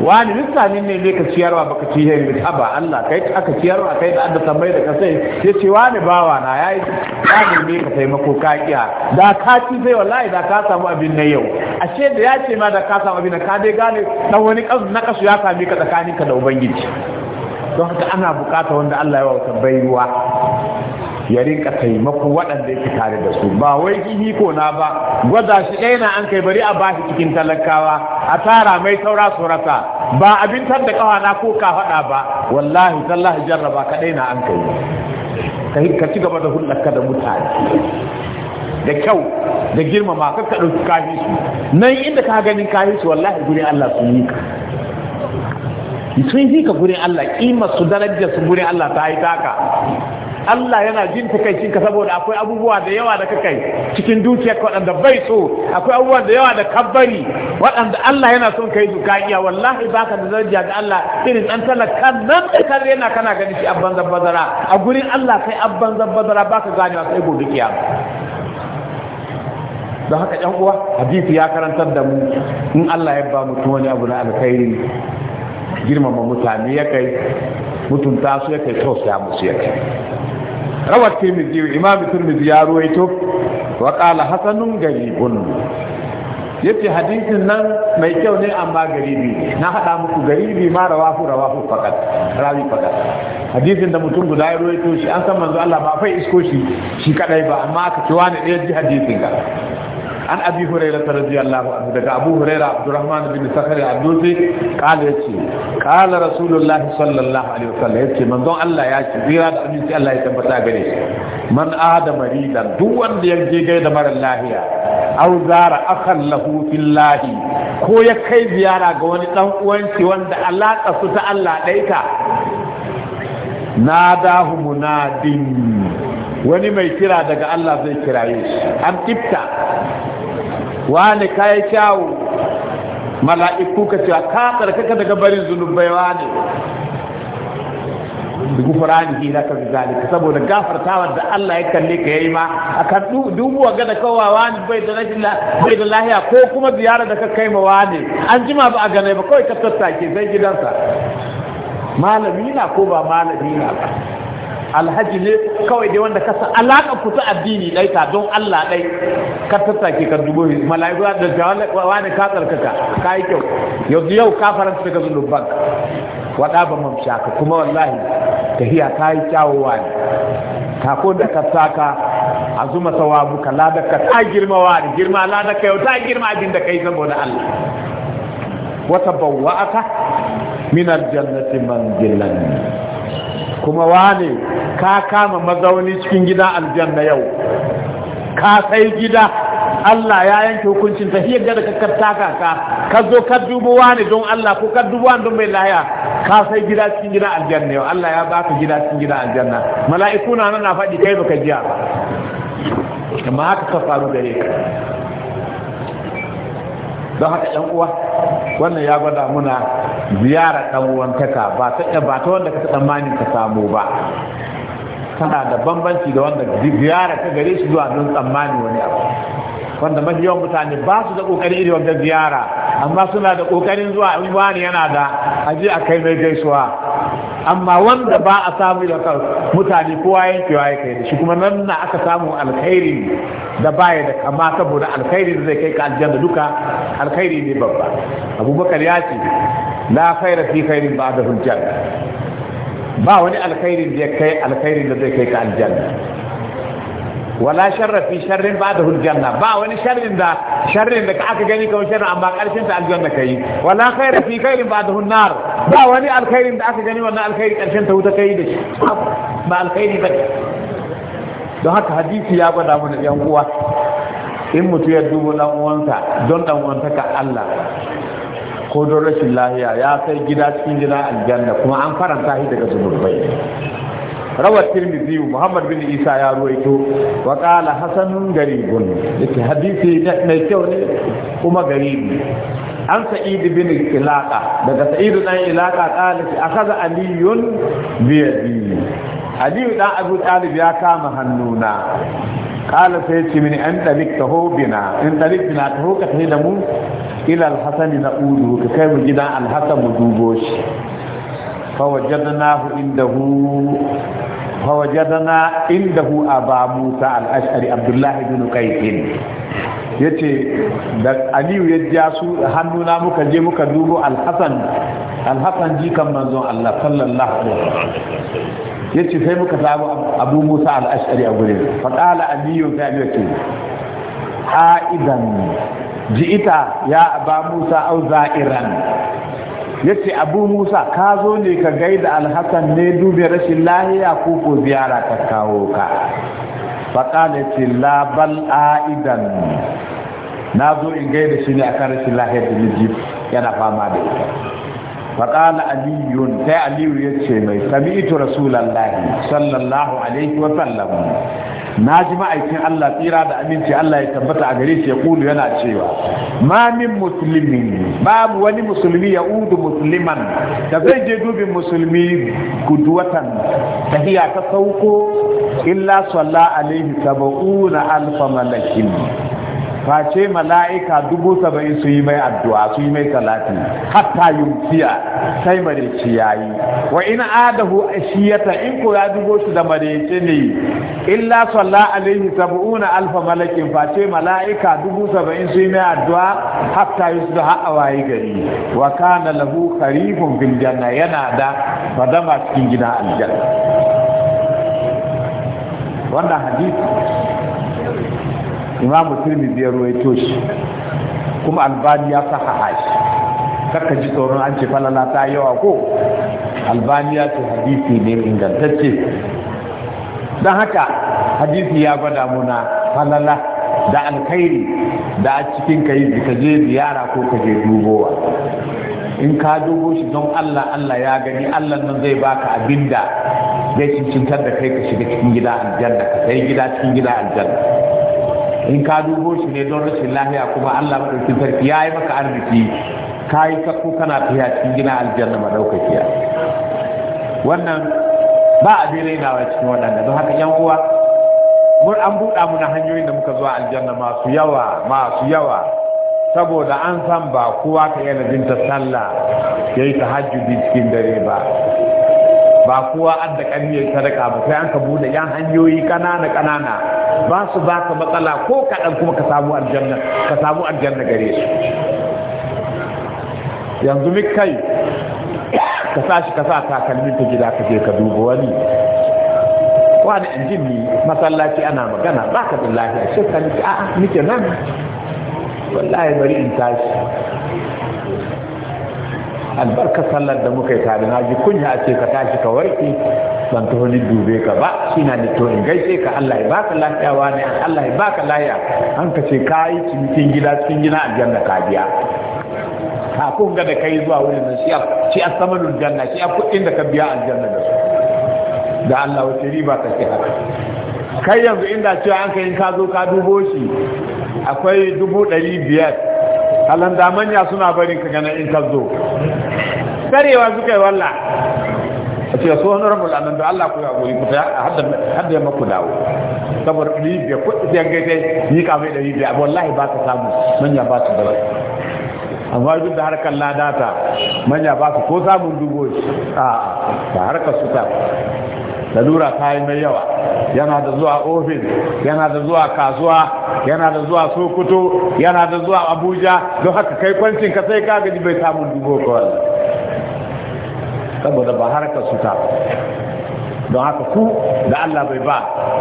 wani mutane ne ne ka ciyarwa baka ci hen ba ba Allah kai aka ciyarwa kai da adda mai da ka sai ya ce wani bawa na yayi ka ne ka taimako ka kiya da ka ci sai wallahi da ka samu abin na yau ashe da ya ce ma da ka samu abin na ka dai gane dan wani kasu na kasu ya same ka tsakaninka da ubangiji don haka ana bukata wanda Allah ya wa baiwa ya rinka taimako waɗanda yake tare da su ba wai kihi ko na ba gwada shi ɗaya na an kai bari a bashi cikin talakawa a tara mai saura su rasa ba abin tar da kawana ko ka faɗa ba wallahi sallahu jarraba ka ɗaya na an kai ka ci gaba da hulɗarka da mutane da kyau da girmama ka ka ɗauki kafi su nan inda ka ganin kafi su wallahi gurin Allah sun yi ka sun yi ka gurin Allah kima su darajar su gurin Allah ta yi taka Allah yana jin takaicin ka saboda akwai abubuwa da yawa da kakai cikin dukiyar ka waɗanda bai so akwai abubuwa da yawa da kabbari waɗanda Allah yana son kai su ka iya wallahi baka da daraja ga Allah irin dan talakan nan da yana kana gani shi abban zabbazara a gurin Allah kai abban zabbazara baka wa, sai godiya kiyama don haka ɗan uwa hadisi ya karantar da mu in Allah ya ba mutum wani abu na alkhairi girmama mutane ya kai mutunta su ya kai tausa musu ya kai rawar tirmidhi imam tirmidhi ya ruwaito wa qala hasanun garibun yace hadisin nan mai kyau ne amma garibi na hada muku garibi ma rawahu rawahu fakat rawi fakat hadisin da mutum guda ya ruwaito shi an san manzo Allah ba fai isko shi shi kadai ba amma ka ci wani ɗaya ji hadisin ga an abi huraira radiyallahu anhu daga abu huraira abdurrahman bin sakari abdusi kala yace kala rasulullahi sallallahu alaihi wasallam yace manzon Allah ya ce zira da aminci Allah ya tabbata gare shi man adam ridan duk wanda ya je gaida mara lahiya aw zara akhan lahu fillahi ko ya kai ziyara ga wani dan uwanci wanda alaka su ta Allah daika nadahu munadin wani mai kira daga Allah zai kiraye shi an tifta wani ka kyawu mala'iku ka cewa ka daga barin zunubai wani da gufurani hila ka ka saboda gafartawa da Allah ya kalle ka yayi ma A kan dubuwa ga da kawawa ne bai da lahiya ko kuma ziyara da ka kai ma wani an jima ba a gane ba kawai ka tattake sai gidansa malami na ko ba malami na ba alhaji ne kawai dai wanda ka san alaƙa ku addini ɗai ta don Allah ɗai. ka tattake ka dubo mala'iku da jawala ne ka tsarkaka ka yi kyau yanzu yau ka faranta daga zunuban Waɗa ba ka kuma wallahi ta hiya ka yi kyawowa ne ko da ka saka a zuma sawabu ka ladaka ta girma wa ne girma ladaka yau ta girma abin da kai saboda Allah wata aka min aljannati manzilan kuma wane ka kama mazauni cikin gidan aljanna yau ka sai gida Allah ya yanke hukuncin ta, tafiyar da ka karta ka ka zo ka dubu wani don Allah ko ka dubu wani don mai laya ka sai gida cikin gida aljanna yau Allah ya baka gida cikin gida aljanna mala'iku na nan na faɗi kai baka jiya amma haka ka faru gare ka don haka yan uwa wannan ya gwada muna ziyara dan uwantaka ba ta ba ta wanda ka tsammani ka samu ba kana da bambanci da wanda ziyara ka gare shi zuwa don tsammani wani abu wanda mafi yawan mutane ba su da kokarin iri wanda ziyara amma suna da kokarin zuwa in wani yana da aji a kai mai gaisuwa amma wanda ba a samu da mutane kowa yankewa ya kai da shi kuma nan na aka samu alkhairi da baya da kama saboda alkhairi da zai kai ka aljanna duka alkhairi ne babba abubakar ya ce la khaira fi khairin ba'da hujjar ba wani alkhairi da ya kai alkhairi da zai kai ka aljanna wala sharra fi sharrin ba'da hul janna ba wani sharrin da sharrin da aka gani kawai sharrin amma karshen ta aljanna kai wala khaira fi khairin ba'da hunnar ba wani alkhairin da aka gani wannan alkhairi karshen ta wuta kai da shi ba alkhairi ba don haka hadisi ya gwada mana yan uwa in mutu ya dubo dan uwansa don dan uwantaka Allah ko don rashin lahiya ya kai gida cikin gida aljanna kuma an faranta shi daga zunubai rawar tirmidhi muhammad bin isa ya ruwaito wa qala hasanun garibun yake hadisi mai kyau ne kuma garibi an sa'id bin ilaqa daga sa'id dan ilaqa qala akaza aliyun bi yadi aliyu dan abu talib ya kama hannuna قال سيدي من أن تلكته بنا إن تلك بنا na udu إلى الحسن نقوله كيف جدا الحسن مدوبوش فوجدناه عنده فوجدنا عنده أبا موسى الأشعري عبد الله بن قيس yace da aliyu ya ja su hannuna muka je muka dubo alhassan alhassan jikan manzon Allah sallallahu alaihi wasallam ce sai muka samu abu musa al-ash'ari a gurin fa qala aliyu sai aliyu ce aidan ji'ita ya aba musa au za'iran ya ce abu musa ka zo ne ka gaida alhassan ne dubi rashin lahiya ko ko ziyara ta kawo ka faƙala ce labal a'idan na zo in gaida shi ne akan rashin lahiyar da miji yana fama da ita faƙala aliyun sai aliyu ya ce mai sami ito rasulallah sallallahu alaihi wa sallam na ji ma'aikin Allah tsira da aminci Allah ya tabbata a gare shi ya kulu yana cewa ma min musulmin babu wani musulmi ya udu musulman da zai je dubin musulmi guduwatan tahiya ta sauko illa salla alaihi saba'una alfa malakin face mala'ika dubu saba'in su yi mai addu'a su yi mai talatin hatta yumsiya sai mareci yayi wa ina adahu a shiyata? in ko ya dubo shi da mareci ne illa salla alaihi sab'una alfa malakin face mala'ika dubu saba'in su yi mai addu'a hatta yusdu ha'a waye gari wa kana lahu kharifun fil janna yana da fadama cikin gida aljanna wannan hadisi imamu tirmidhi biya ruwaito shi kuma albani ya sa hahashi kakka ji tsoron an ce falala ta yawa ko albani ya ce hadisi ne ingantacce don haka hadisi ya gwada muna falala da alkhairi da a cikin ka yi ka je ziyara ko ka je dubowa in ka dubo shi don Allah Allah ya gani Allah nan zai baka abinda zai cincintar da kai ka shiga cikin gida aljanna ka sai gida cikin gida aljanna in ka dubo shi ne don rashin lahiya kuma Allah madaukakin sarki ya yi maka arziki ka yi sakko kana tafiya cikin gina aljanna madaukakiya wannan ba na wa cikin waɗanda don haka yan uwa mun an buɗa mu na hanyoyin da muka zuwa aljanna masu yawa masu yawa saboda an san ba kowa ka yana binta sallah ya yi tahajjudi cikin dare ba ba kowa an da ƙarniyar sadaka ba sai an ka bude yan hanyoyi kanana kanana ba su ba ka matsala ko kaɗan kuma ka samu aljanna ka samu aljanna gare su yanzu mi kai ka sa ka sa takalmin ta gida ka je ka duba wani wani injin ni masallaci ana magana ba ka da lafiya shi ka a'a nan wallahi bari in tashi albarkar sallar da muka yi tare na ji kunya a ce ka tashi ka warke ban taho ni dube ka ba shi na ni to in gaishe ka Allah ya baka lafiya wa ne, Allah ya baka lafiya. an ka ce ka yi cikin gida cikin gina aljanna ka biya kafin ga da kai zuwa wurin nan shi a samanul janna shi a kuɗin da ka biya aljanna da su da Allah wace riba ka ce haka kai yanzu inda cewa an kai ka zo ka dubo shi akwai dubu ɗari biyar halanda manya suna bari ka gana in ka zo karewa suka yi walla a ce so wani rabu lamin da Allah kuwa ya gori ku ta hadda yamma ku dawo saboda ni biya ko ta yanke ta yi kamar da yi biya wallahi ba ka samu manya ba ta dawo amma duk da harkar ladata manya ba su ko samun dubo a ta harkar su ta lalura ta yi mai yawa yana da zuwa ofis yana da zuwa kasuwa yana da zuwa sokoto yana da zuwa abuja don haka kai kwancin ka sai ka gaji bai samun dubo kawai saboda ba harkar su ta don haka ku da Allah bai ba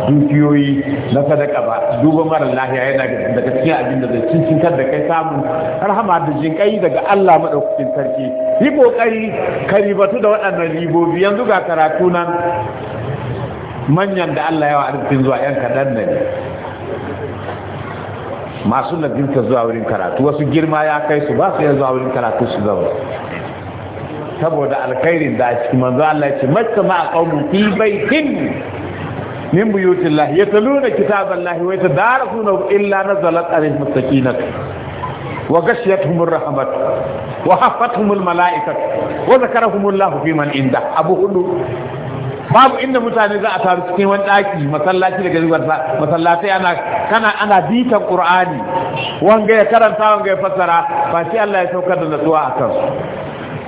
dukiyoyi na sadaka ba duba mara lahiya yana daga cikin abin da zai kar da kai samun rahama da jin kai daga Allah madaukakin sarki yi kokari ka ribatu da waɗannan ribobi yanzu ga karatu nan manyan da Allah yawa arzikin zuwa ‘yan kaɗan ne masu nazinta zuwa wurin karatu wasu girma ya kai su ba su yanzu zuwa wurin karatu su zama saboda alkhairin da a cikin manzo Allah ya ce matta ma qaumun fi baitin min buyutillah yataluna kitaballahi wa yatadarasuna illa nazalat alaihim sakinat wa ghashiyatuhum rahmat wa haffatuhum almalaikat wa zakarahum Allah fi man inda abu hudu babu inda mutane za a taru cikin wani daki masallaci daga zuwa masallatai ana kana ana bitan qur'ani wanga ya karanta wanga ya fassara ba sai Allah ya saukar da nutsuwa akan su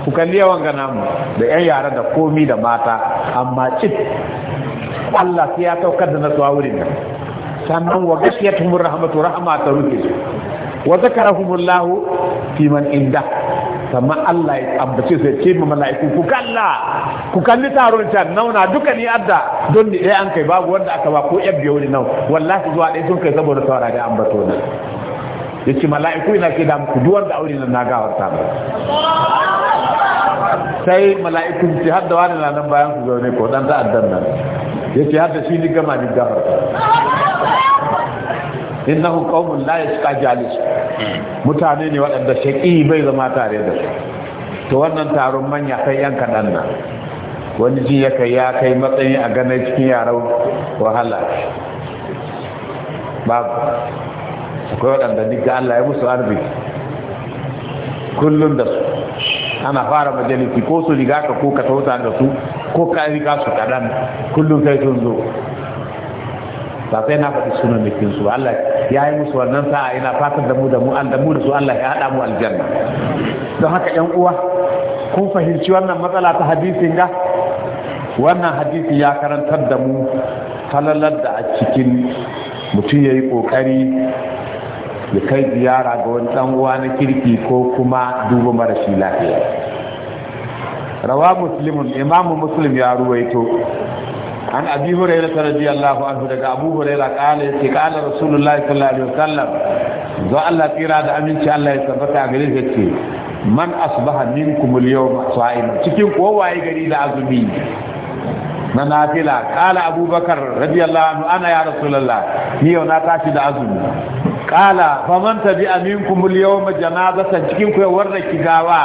ku kalli yawan gana mu da yan yara da komi da mata amma cit Allah sai ya taukar da nasuwa wurin nan sannan wa gashiyatum rahmatu rahmatu ta rufe wa zakarahumullahu fi man inda kamar Allah ya ambace sai ce ma mala'iku ku kalla ku kalli taron can nauna duka ni adda don ni ɗaya an kai babu wanda aka ba ko yan biyo ni nau wallahi zuwa ɗaya sun kai saboda saurari ambato ne yace mala'iku ina ke da muku duwar da aure na na gawarta ba sai mala'ikun ce har da wani na bayan su zaune ko dan ta'addan nan ya ce har da shi ni gama ni gafar innahu qaumun la yashqa jalis mutane ne waɗanda shaƙi bai zama tare da su to wannan taron manya kai yan kaɗan nan wani ji ya kai ya kai matsayi a ganin cikin yaran wahala babu akwai waɗanda ni ga Allah ya musu arziki kullum da su ana fara majalisi ko su riga ka ko ka tauta da su ko ka riga su kaɗan kullum sai sun zo ba sai na faɗi suna bikin su Allah ya yi musu wannan sa'a ina fatan da mu da mu an da mu da su Allah ya haɗa mu aljanna don haka ƴan uwa kun fahimci wannan matsala ta hadisin ga wannan hadisi ya karantar da mu halalar da a cikin mutum ya yi ƙoƙari ya kai ziyara ga wani dan uwa na kirki ko kuma duba shi lafiya rawa muslimun imamu muslim ya ruwaito an abi hurayra radiyallahu anhu daga abu hurayra kana yace kana rasulullahi sallallahu alaihi wasallam zo Allah tsira da aminci Allah ya tabbata gare shi yace man asbaha minkum al-yawma sa'im cikin kowaye gari da azumi na nafila kala abubakar radiyallahu anhu ana ya rasulullah ni yau na tashi da azumi kala faman tabi aminkum al yawma janazatan cikin ku warra kigawa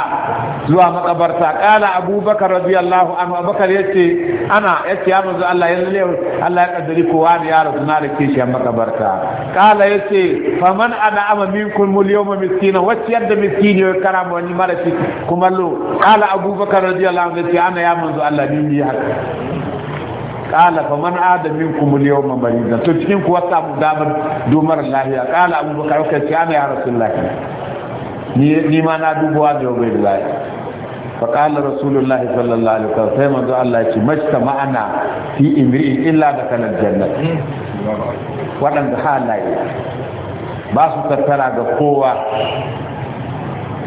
zuwa makabarta kala abubakar radiyallahu anhu abubakar yace ana yace ya manzo Allah yanzu yalle Allah ya kaddari kowa ne ya rasu na da kishi makabarta kala yace faman ana ama minkum al yawma miskina wacce yadda miskini ya karama wani marashi kuma lo kala abubakar radiyallahu anhu yace ana ya manzo Allah ni haka qala fa man ada minkum al yawma marida to cikin ku wata mu damar domar lahiya qala abu bakar ka ce ana ya rasulullah ni ni ma na dubuwa da bai da lahiya fa qala rasulullah sallallahu alaihi wasallam sai manzo Allah ci ce majta ma'ana fi imri'in illa da kalal jannah waɗanda halaye ba su tattara ga kowa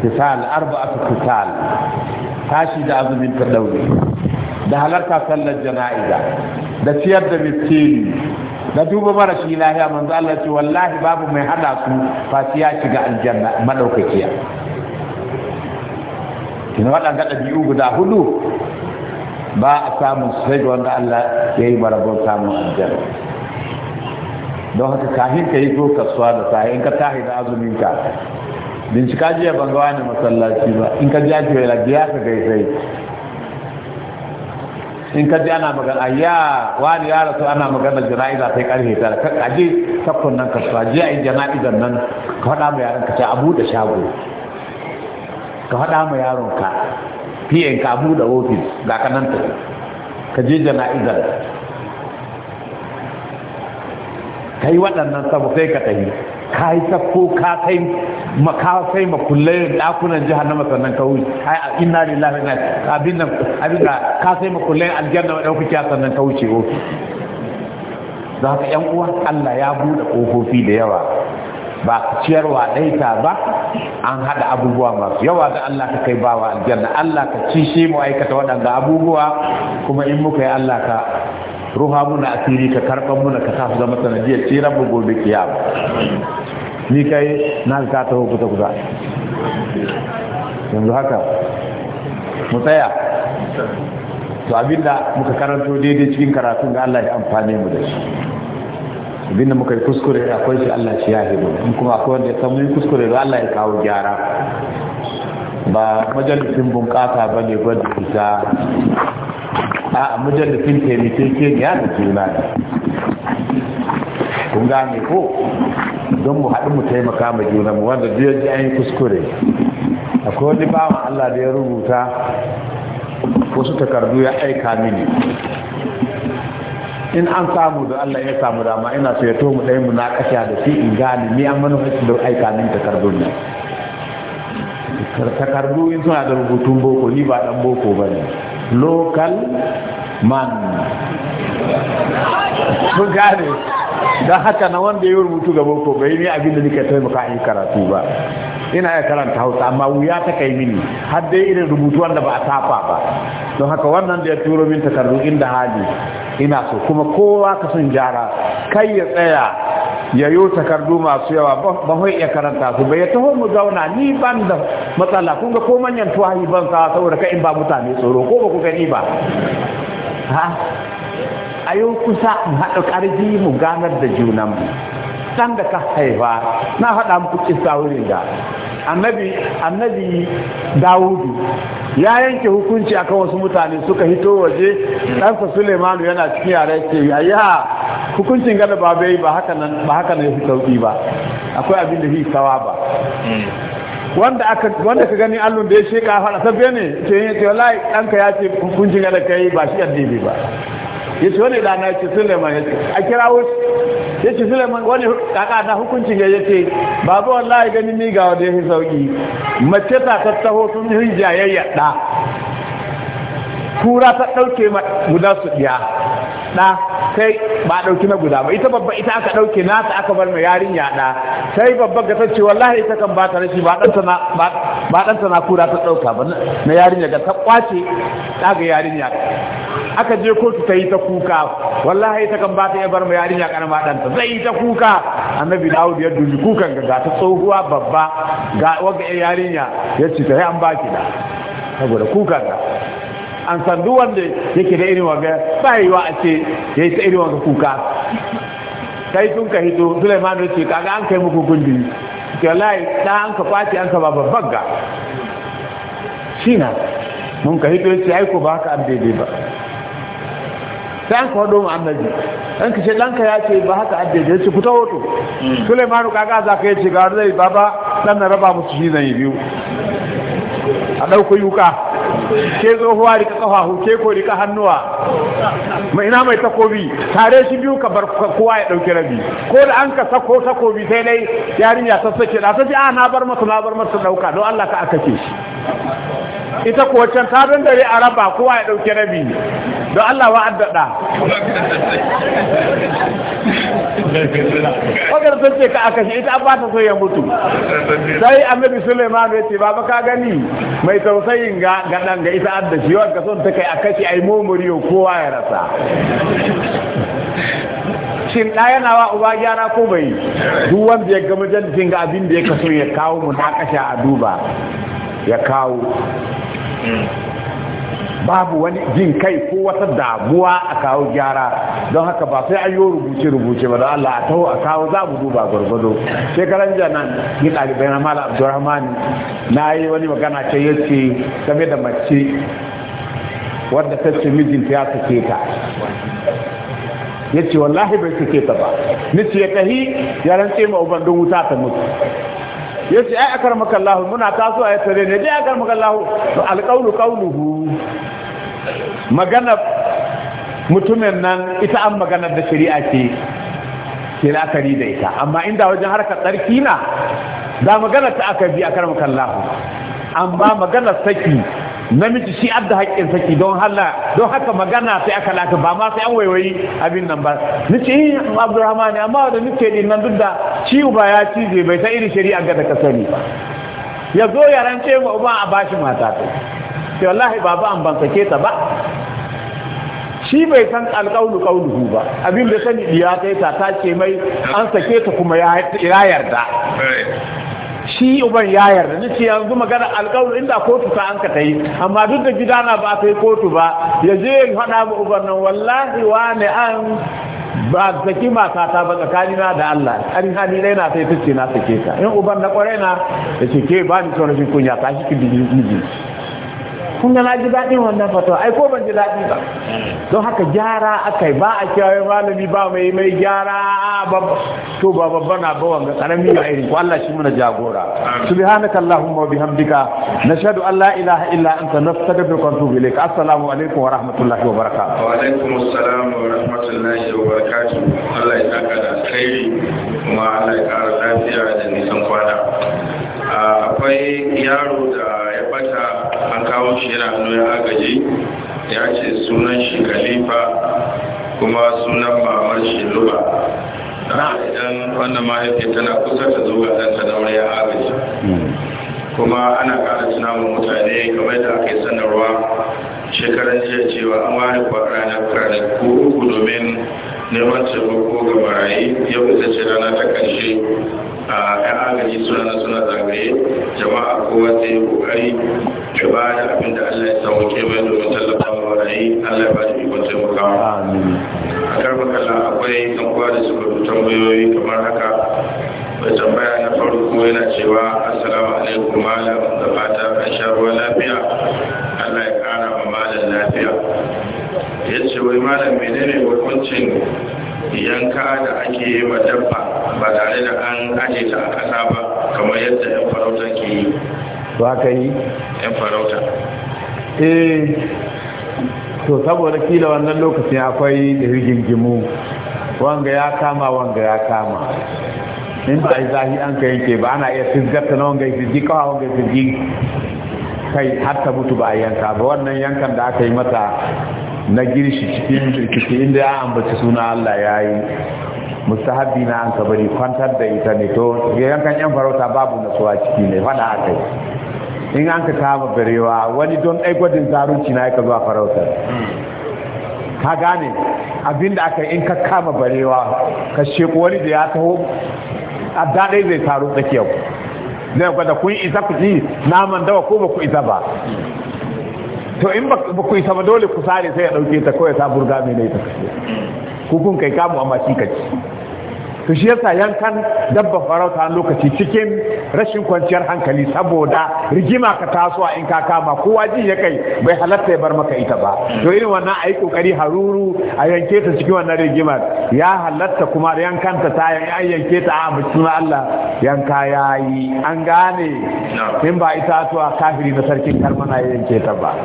fital arba'atu fital tashi da azumin ta daure da halarta sallar jana'iza da ciyar da miskini da duba mara shi lahiya manzo Allah ce wallahi babu mai hada su fasi ya shiga aljanna madaukakiya kina waɗanda ɗabi'u guda hudu ba a samun sai wanda Allah ya yi marabon samun aljanna don haka kahin ka yi zo kasuwa da sahi in ka tahi da azumin ka bincika jiya ban ga wani masallaci ba in ka ji ake yi lagiya ka gaisai in ka ji ana magana ayya wani ya rasu ana magana jana'iza sai karfe tara ka kaje sakkon nan kasuwa je a yi jana'izan nan ka faɗa ma yaron ka ce a buɗe shago ka faɗa ma yaron ka fiyan ka buɗe ofis ga ka nan ka je jana'izar ka yi waɗannan sabu sai ka tafi ka yi sakko ka kai makafai makullai dakunan jihar sannan ka wuce ai inna lillahi na abin nan abin da ka sai makullai aljanna kuke sannan ka wuce ofi za ka yan uwa Allah ya bude kofofi da yawa ba ciyarwa ɗaita ba an haɗa abubuwa masu yawa da Allah ka kai bawa aljanna Allah ka cishe mu aikata waɗanda abubuwa kuma in muka yi Allah ka ruha muna asiri ka karban muna ka sa su zama sanadiyar tsiran mu gobe kiyama ni kai na ka hau kusa kusa yanzu haka mu tsaya to abinda muka karanto daidai cikin karatun ga Allah ya amfane mu da shi abinda muka yi kuskure akwai shi Allah shi ya hibu in kuma akwai wanda ya san yi kuskure da Allah ya kawo gyara ba majalisin bunƙasa ba ne gwada fita a majalisin ya da juna ne kun gane ko don mu haɗu mu taimaka ma juna mu wanda biyar ji an yi kuskure akwai wani bawan allah da ya rubuta wasu takardu ya aika mini in an samu da Allah ya samu dama ina so ya tomu ɗayan mu na kasha da shi in gane ni an manufaci da aika min takardun ne. takardu in suna da rubutun boko ni ba dan boko ba ne local man sun gane don haka na wanda ya rubutu ga boko bai ne abinda nika taimaka yi karatu ba ina ya karanta hausa amma wuya ta kai mini har dai irin rubutu wanda ba a tafa ba don haka wannan da ya turo min takardu inda hali ina so kuma kowa ka sun jara, kai ya tsaya ya yi takardu masu yawa ba hoi iya karanta su bai ya taho mu zauna ni ban da matsala kun ga ko manyan tuwahi ban sa saboda ka in ba mutane tsoro ko ba ku gani ba ha a yau kusa mu haɗa ƙarfi mu ganar da mu ɗan da ka haifa na haɗa muku kisa wurin da annabi annabi dawudu ya yanke hukunci akan wasu mutane suka hito waje ɗansa Suleiman yana cikin yare ce yaya hukuncin gada ba bai ba haka nan ba haka nan sauki ba akwai abin da sawa ba wanda aka wanda ka gani allon da ya sheka fara sabbe ne ce yace wallahi ɗanka ya ce hukuncin gada kai ba shi addini ba ya ce wani dana ya ce suleiman ya ce a kira wuce ya ce suleiman wani kaka na hukuncin ya ce babu wallahi ganin ni ga wani ya sauki mace ta taho sun yi jayayya da kura ta ɗauke guda su ɗiya da sai ba ɗauki na guda ba ita babba ita aka ɗauke na ta aka bar mai yarinya da sai babba ga ta ce wallahi ita kan ba ta rashi ba ɗanta na kura ta ɗauka ba na yarinya ga ta ƙwace daga ga yarinya aka je kotu ta yi ta kuka wallahi ta kan ba ta iya bar mu yarinya karama danta zai yi ta kuka annabi dawud ya dubi kukan ga ga ta tsohuwa babba ga wagga yarinya ya ce ta yi an baki da saboda kukan ga an san duk wanda yake da irin waga ba yi wa a ce ya yi ta irin waga kuka kai tun ka hito Suleiman ya ce kaga an kai muku gundi ke wallahi an ka kwace an ka ba babban ga shina mun ka hito ya ce aiko ba haka an daidai ba sai an kawo domin annabi an kashe ɗanka ya ce ba haka abin ya ce fita hoto suleimanu kaga za ka yi ce ga zai baba ɗan na raba musu shi zai biyu a ɗauko yuka ke tsohuwa rika ƙafafu ke ko rika hannuwa mai ina mai takobi tare shi biyu ka bar kowa ya ɗauki rabi ko da an ka sako takobi sai dai yarinya sassake da ta ji a na bar masa na bar masa ɗauka don allah ka aka ce shi ita kuwa can ta dare a raba kowa ya dauki rabi don Allah wa addada wakar sun ce ka a kashe ita ba ta so ya mutu sai annabi suleiman ya ce baba ka gani mai tausayin ga gadan ga ita adda shi wanka son ta kai a kashi ai momuriyo kowa ya rasa shin ɗa yana wa uba gyara ko bai duk wanda ya ga majalisin ga abin da ya kaso ya kawo mu na kasha a duba ya kawo babu wani jin kai ko wata damuwa a kawo gyara don haka ba sai ayyo rubuce-rubuce ba da Allah a taho a kawo za mu duba gwargwado shekaran nan ni ɗalibai na mala abdurrahman na yi wani magana ce ya ce game da mace wadda ta ce mijinta ya sake ta ya ce wallahi bai sake ta ba ni ce ya tahi ya rantse ma uban don wuta ta mutu ya ce ai akar makallahu muna taso a yasare ne dai akar makallahu alƙaunu ƙaunuhu magana mutumin nan ita an maganar da shari'a ce ke la'akari da ita amma inda wajen harkar tsarki na da magana ta aka bi akar makallahu amma maganar saki namiji shi adda haƙƙin saki don hala don haka magana sai aka lati ba ma sai an waiwayi abin nan ba ce yi eh, abdurrahman amma da nace din nan duk da ciwo ba ya cije bai ta iri shari'a ga da ka sani ba ya zo ya rance ma uba a bashi mata ta ce wallahi baba an ban sake ta ba shi bai san alƙaulu ƙauluhu ba abin da sani diya ta ta ce mai an sake ta kuma ya yarda shi uban ya yarda ni ce yanzu magana alƙawar inda kotu ta an ka ta yi amma duk da gida na ba ta yi kotu ba ya je ya faɗa ma uban nan wallahi ne an ba zaki ta ba na da Allah ari hali dai na sai tace na sake ka in uban na kwarai na ya ce ke ba ni shi kunya ta shi ki kun da na ji daɗin wannan fatawa ai ko ban ji daɗi ba don haka gyara aka yi ba a kyawai malami ba mai mai gyara to ba babba na ba wanga karami ba irin ko Allah shi muna jagora subhanaka allahumma wa bihamdika nashhadu an la ilaha illa anta nastaghfiruka wa natubu ilayk assalamu alaikum wa rahmatullahi wa barakatuh wa alaikum assalam wa rahmatullahi wa barakatuh Allah ya saka da kai kuma Allah ya kara lafiya da nisan kwana akwai yaro da ya an kawo shi yana hannu ya agaji ya ce sunan shi kalifa kuma sunan mamar shi luba idan wannan mahaifiyata tana kusa ta zuwa ɗanta da wani ya agaji hmm. kuma ana ƙara tunanin mutane kamar da aka sanarwa shekaran jiya cewa an ware ranar karatu uku domin neman taimako ga marayi yau ita ce rana ta ƙarshe a yan agaji suna na suna zagaye jama'a kowa ta yi kokari da ba da abin da allah ya samu ke domin tallafa wa marayi allah ya ba da ikon taimakawa a kala akwai ɗan kowa da suka tambayoyi kamar haka mai tambaya na farko yana cewa assalamu alaikum malam da fata a sha lafiya ya ce wai malam menene hukuncin yanka da ake yi wa dabba ba tare da an aje ta a ƙasa ba kamar yadda 'yan farauta ke yi ba ka yi 'yan farauta eh to saboda kila wannan lokacin akwai da rigingimu wanga ya kama wanga ya kama in ba a zahi an ka yanke ba ana iya fizgarta na wanga fizgi kawai wanga fizgi kai har ta mutu ba a yanka ba wannan yankan da aka yi mata na girshi cikin rikici inda ya ambaci suna Allah ya yi mustahabi na an ka bari kwantar da ita ne to yankan yan farauta babu nasuwa ciki ne faɗa a yi in an ka kama barewa wani don ɗai gwajin zarunci na aika zuwa farauta ka gane abinda aka in ka kama barewa ka sheku wani da ya taho a daɗai zai taru tsakiyar zai gwada kun isa ku naman dawa ko ba ku isa ba to in ba ku isa ba dole ku sare sai ya dauke ta kawai sa burga mai ne ta kashe ku kun kai kamu amma shi kace to shi yasa yankan dabba farauta a lokaci cikin rashin kwanciyar hankali saboda rigima ka taso a in ka kama kowa ji ya kai bai halatta ya bar maka ita ba to irin wannan ayi kokari haruru a yanke ta cikin wannan rigimar ya halatta kuma yankanta ta yan yanke ta a bikin Allah yanka yayi an gane in ba ita to a kafiri na sarkin karma na yanke ta ba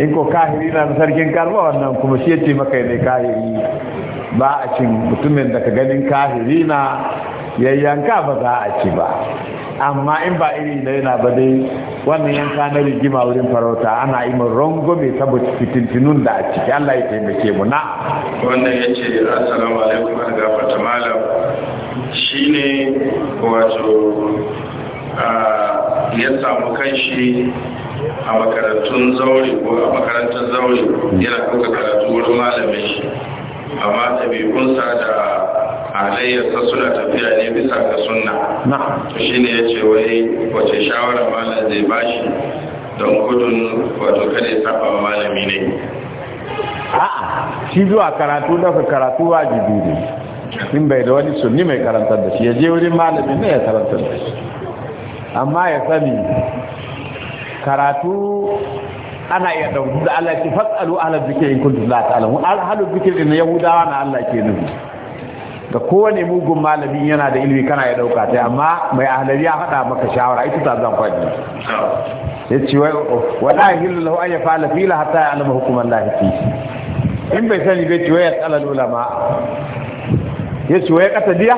in ko kahiri na sarkin karma wannan kuma shi ya maka ne kahiri ba a cin mutumin da ka ganin kahiri na yayyanka ba za a ci ba amma in ba iri da yana ba dai wannan yanka na rigima wurin farauta ana yi min mai saboda fitintinun da a ciki Allah ya taimake mu na wannan ya ce assalamu alaikum an gafarta malam shi ne wato ya samu kanshi a makarantun zaure ko a makarantar zaure yana kuka karatu wurin malamin shi amma ɗabi'unsa da halayyarsa suna tafiya ne bisa ga sunna shi ne ya ce wai wace shawara malam zai bashi don gudun wato kada ya saba malami ne a'a shi zuwa karatu daga karatu wajibi ne in bai da wani sunni mai karantar da shi ya je wurin malami ne ya karantar da shi amma ya sani karatu ana iya dauki da Allah ce fasalu ahla dhikri in kuntum la ta'lamun ahlu dhikri na yahudawa na Allah ke nufi ga kowane mugun malami yana da ilimi kana ya dauka ta amma mai ahlali ya fada maka shawara ita ta zan faɗi ya wai wa la yahillu lahu an yaf'ala fi la hatta ya'lamu hukm Allah fi in bai sani bai ce tsala dola ma. ya ci wa kata diya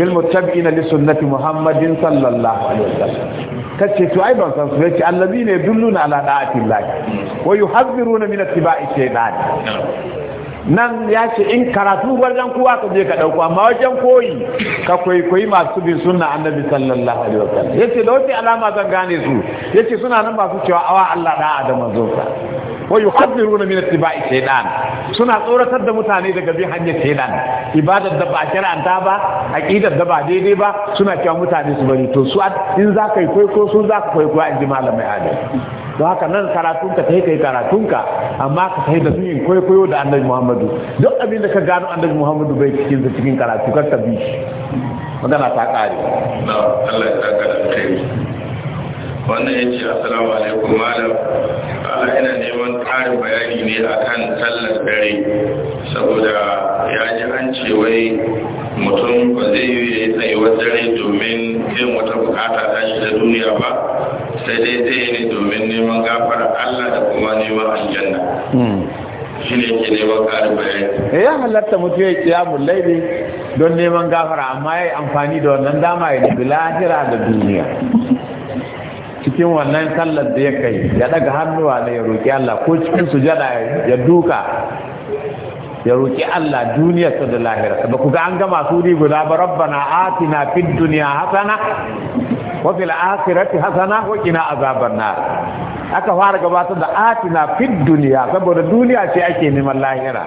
bil muttabi'ina li sunnati Muhammadin sallallahu alaihi wasallam كتشتو أيضا تنصبت الذين يدلون على دعاة الله ويحذرون من اتباع الشيطان نعم. nan ya ce in karatu wajen kowa ka je ka dauko amma wajen koyi ka kwaikwayi masu bin sunna annabi sallallahu alaihi wasallam ce da wace alama zan gane su ce suna nan masu cewa awa Allah da adam zonka wa yuhadiruna min ittiba'i shaytan suna tsoratar da mutane daga bin hanyar shaytan ibadar da ba a ta ba aqidar da ba daidai ba suna cewa mutane su bari to su in za ka yi su za ka kwaikwayo in ji malamai adam don haka nan karatunka ta yi kai karatunka amma ka sai da suyin kwaikwayo da annabi muhammadu duk abin da ka gano annabi muhammadu bai cikin sa cikin karatu kar ka bi shi magana ta kare Allah ya saka da kai wannan ya ce assalamu alaikum malam ala ina neman ƙarin bayani ne akan sallar dare saboda ya halatta mutu ya mu laifi don neman gafara amma ya yi amfani da wannan dama ya nufi lahira da duniya cikin wannan sallar da ya kai ya daga hannuwa ne ya roƙi Allah ko cikin sujada ya duka ya roƙi Allah duniya duniyarsa da lahira. ba ku ga an gama su ni guda ba rabbana atina fid dunya hasana wa fil akhirati hasana wa qina azaban aka fara gabatar da atina fid duniya saboda duniya ce ake neman lahira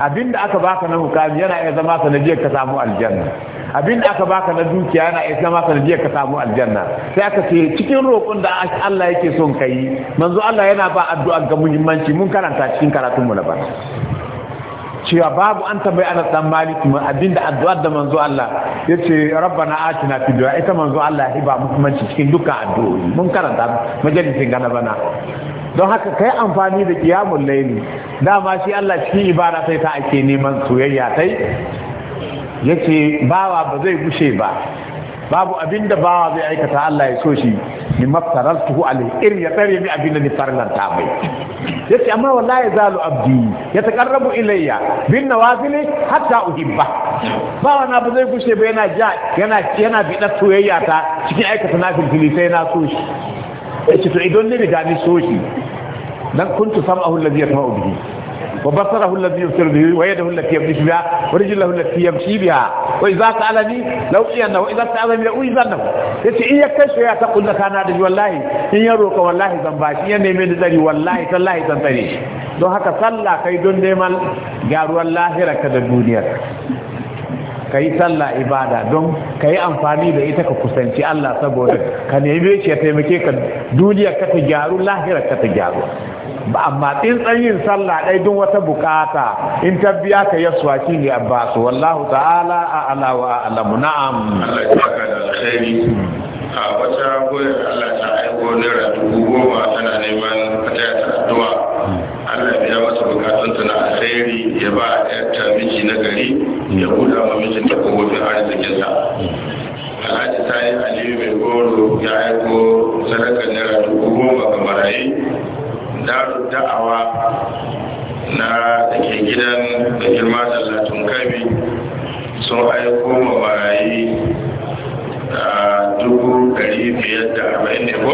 abinda aka baka na hukami yana iya zama sanadiyar ka samu aljanna abinda aka baka na dukiya yana iya zama sanadiyar ka samu aljanna sai aka ce cikin roƙon da Allah yake son kai manzo Allah yana ba addu'a ga muhimmanci mun karanta cikin karatunmu na bana cewa babu an tambayi anas dan malik mun abinda addu'ar da manzo Allah yace rabbana atina fid dunya ita manzo Allah hiba muhimmanci cikin dukkan addu'o'i mun karanta majalisin gana bana don haka kai amfani da qiyamul layli dama shi Allah cikin ibada sai ta ake neman soyayya sai yace bawa ba zai gushe ba babu abin da bawa zai aikata Allah ya so shi ni maftaraltuhu alai irin ya tsare ni abin da ni farlanta mai yace amma wallahi zalu abdi ya taqarrabu ilayya bin nawafili hatta uhibba bawa na ba zai gushe ba yana ja yana yana soyayya ta cikin aikata nafil fili sai na so shi yace to idan na da ni so shi dan kuntu sam'ahu alladhi yasma'u bihi وبصره الذي يبصر به ويده التي يمشي بها ورجله التي يمشي بها واذا سالني لاعينه واذا سالني لاعيذنه yace in ya kashe ya ta kullu kana da wallahi in ya roka ان zan bashi in ya neme da tsari wallahi tallahi zan tsare shi don haka sallah kai don neman garuwar lahira ka sallah ibada don ka amfani da ita ka kusanci Allah saboda ka neme shi ya taimake ka duniya ka ta gyaru lahira ka ta gyaru amma tsintsan yin sallah ɗai don wata bukata in ta biya ka yaswa shi ne su wallahu ta'ala a alawa alamu na'am Allah ya saka da alkhairi a wata goyon Allah ta aiko naira dubu goma tana neman kataya ta addu'a Allah ya biya mata bukatunta na alkhairi ya ba a yarta miji na gari ya buɗa ma mijinta kofofin arzikinsa alhaji ta yi aliyu mai goro ya aiko sadakar naira dubu goma ga marayi daru da'awa na da ke gidan da girma da latin kami sun aiko ma marayi a dubu gari biyar da arba'in ne ko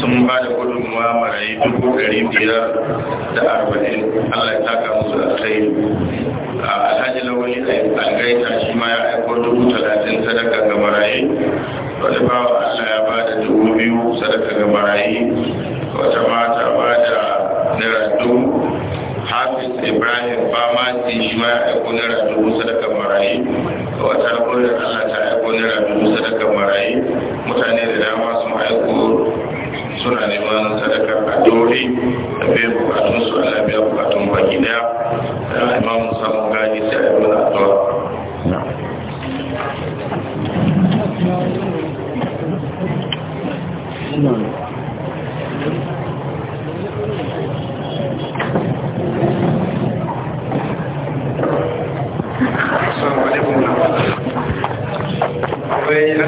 sun ba da gudunmuwa marayi dubu gari biyar da arba'in allah ya kamu musu da tsayi a alhaji lawali algaita shi ma ya aiko dubu talatin sadaka ga marayi wani bawa allah ya ba da dubu biyu sadaka ga marayi wata mata ba da naira hafi hafiz ibrahim fama ce shi ma ya aiko naira dubu sadakar marayi wata da allah ta aiko naira dubu sadakar marayi mutane da dama sun aiko suna neman sadakar adori da bukatun su allah biya bukatun baki daya imamu samun gaji sai a yi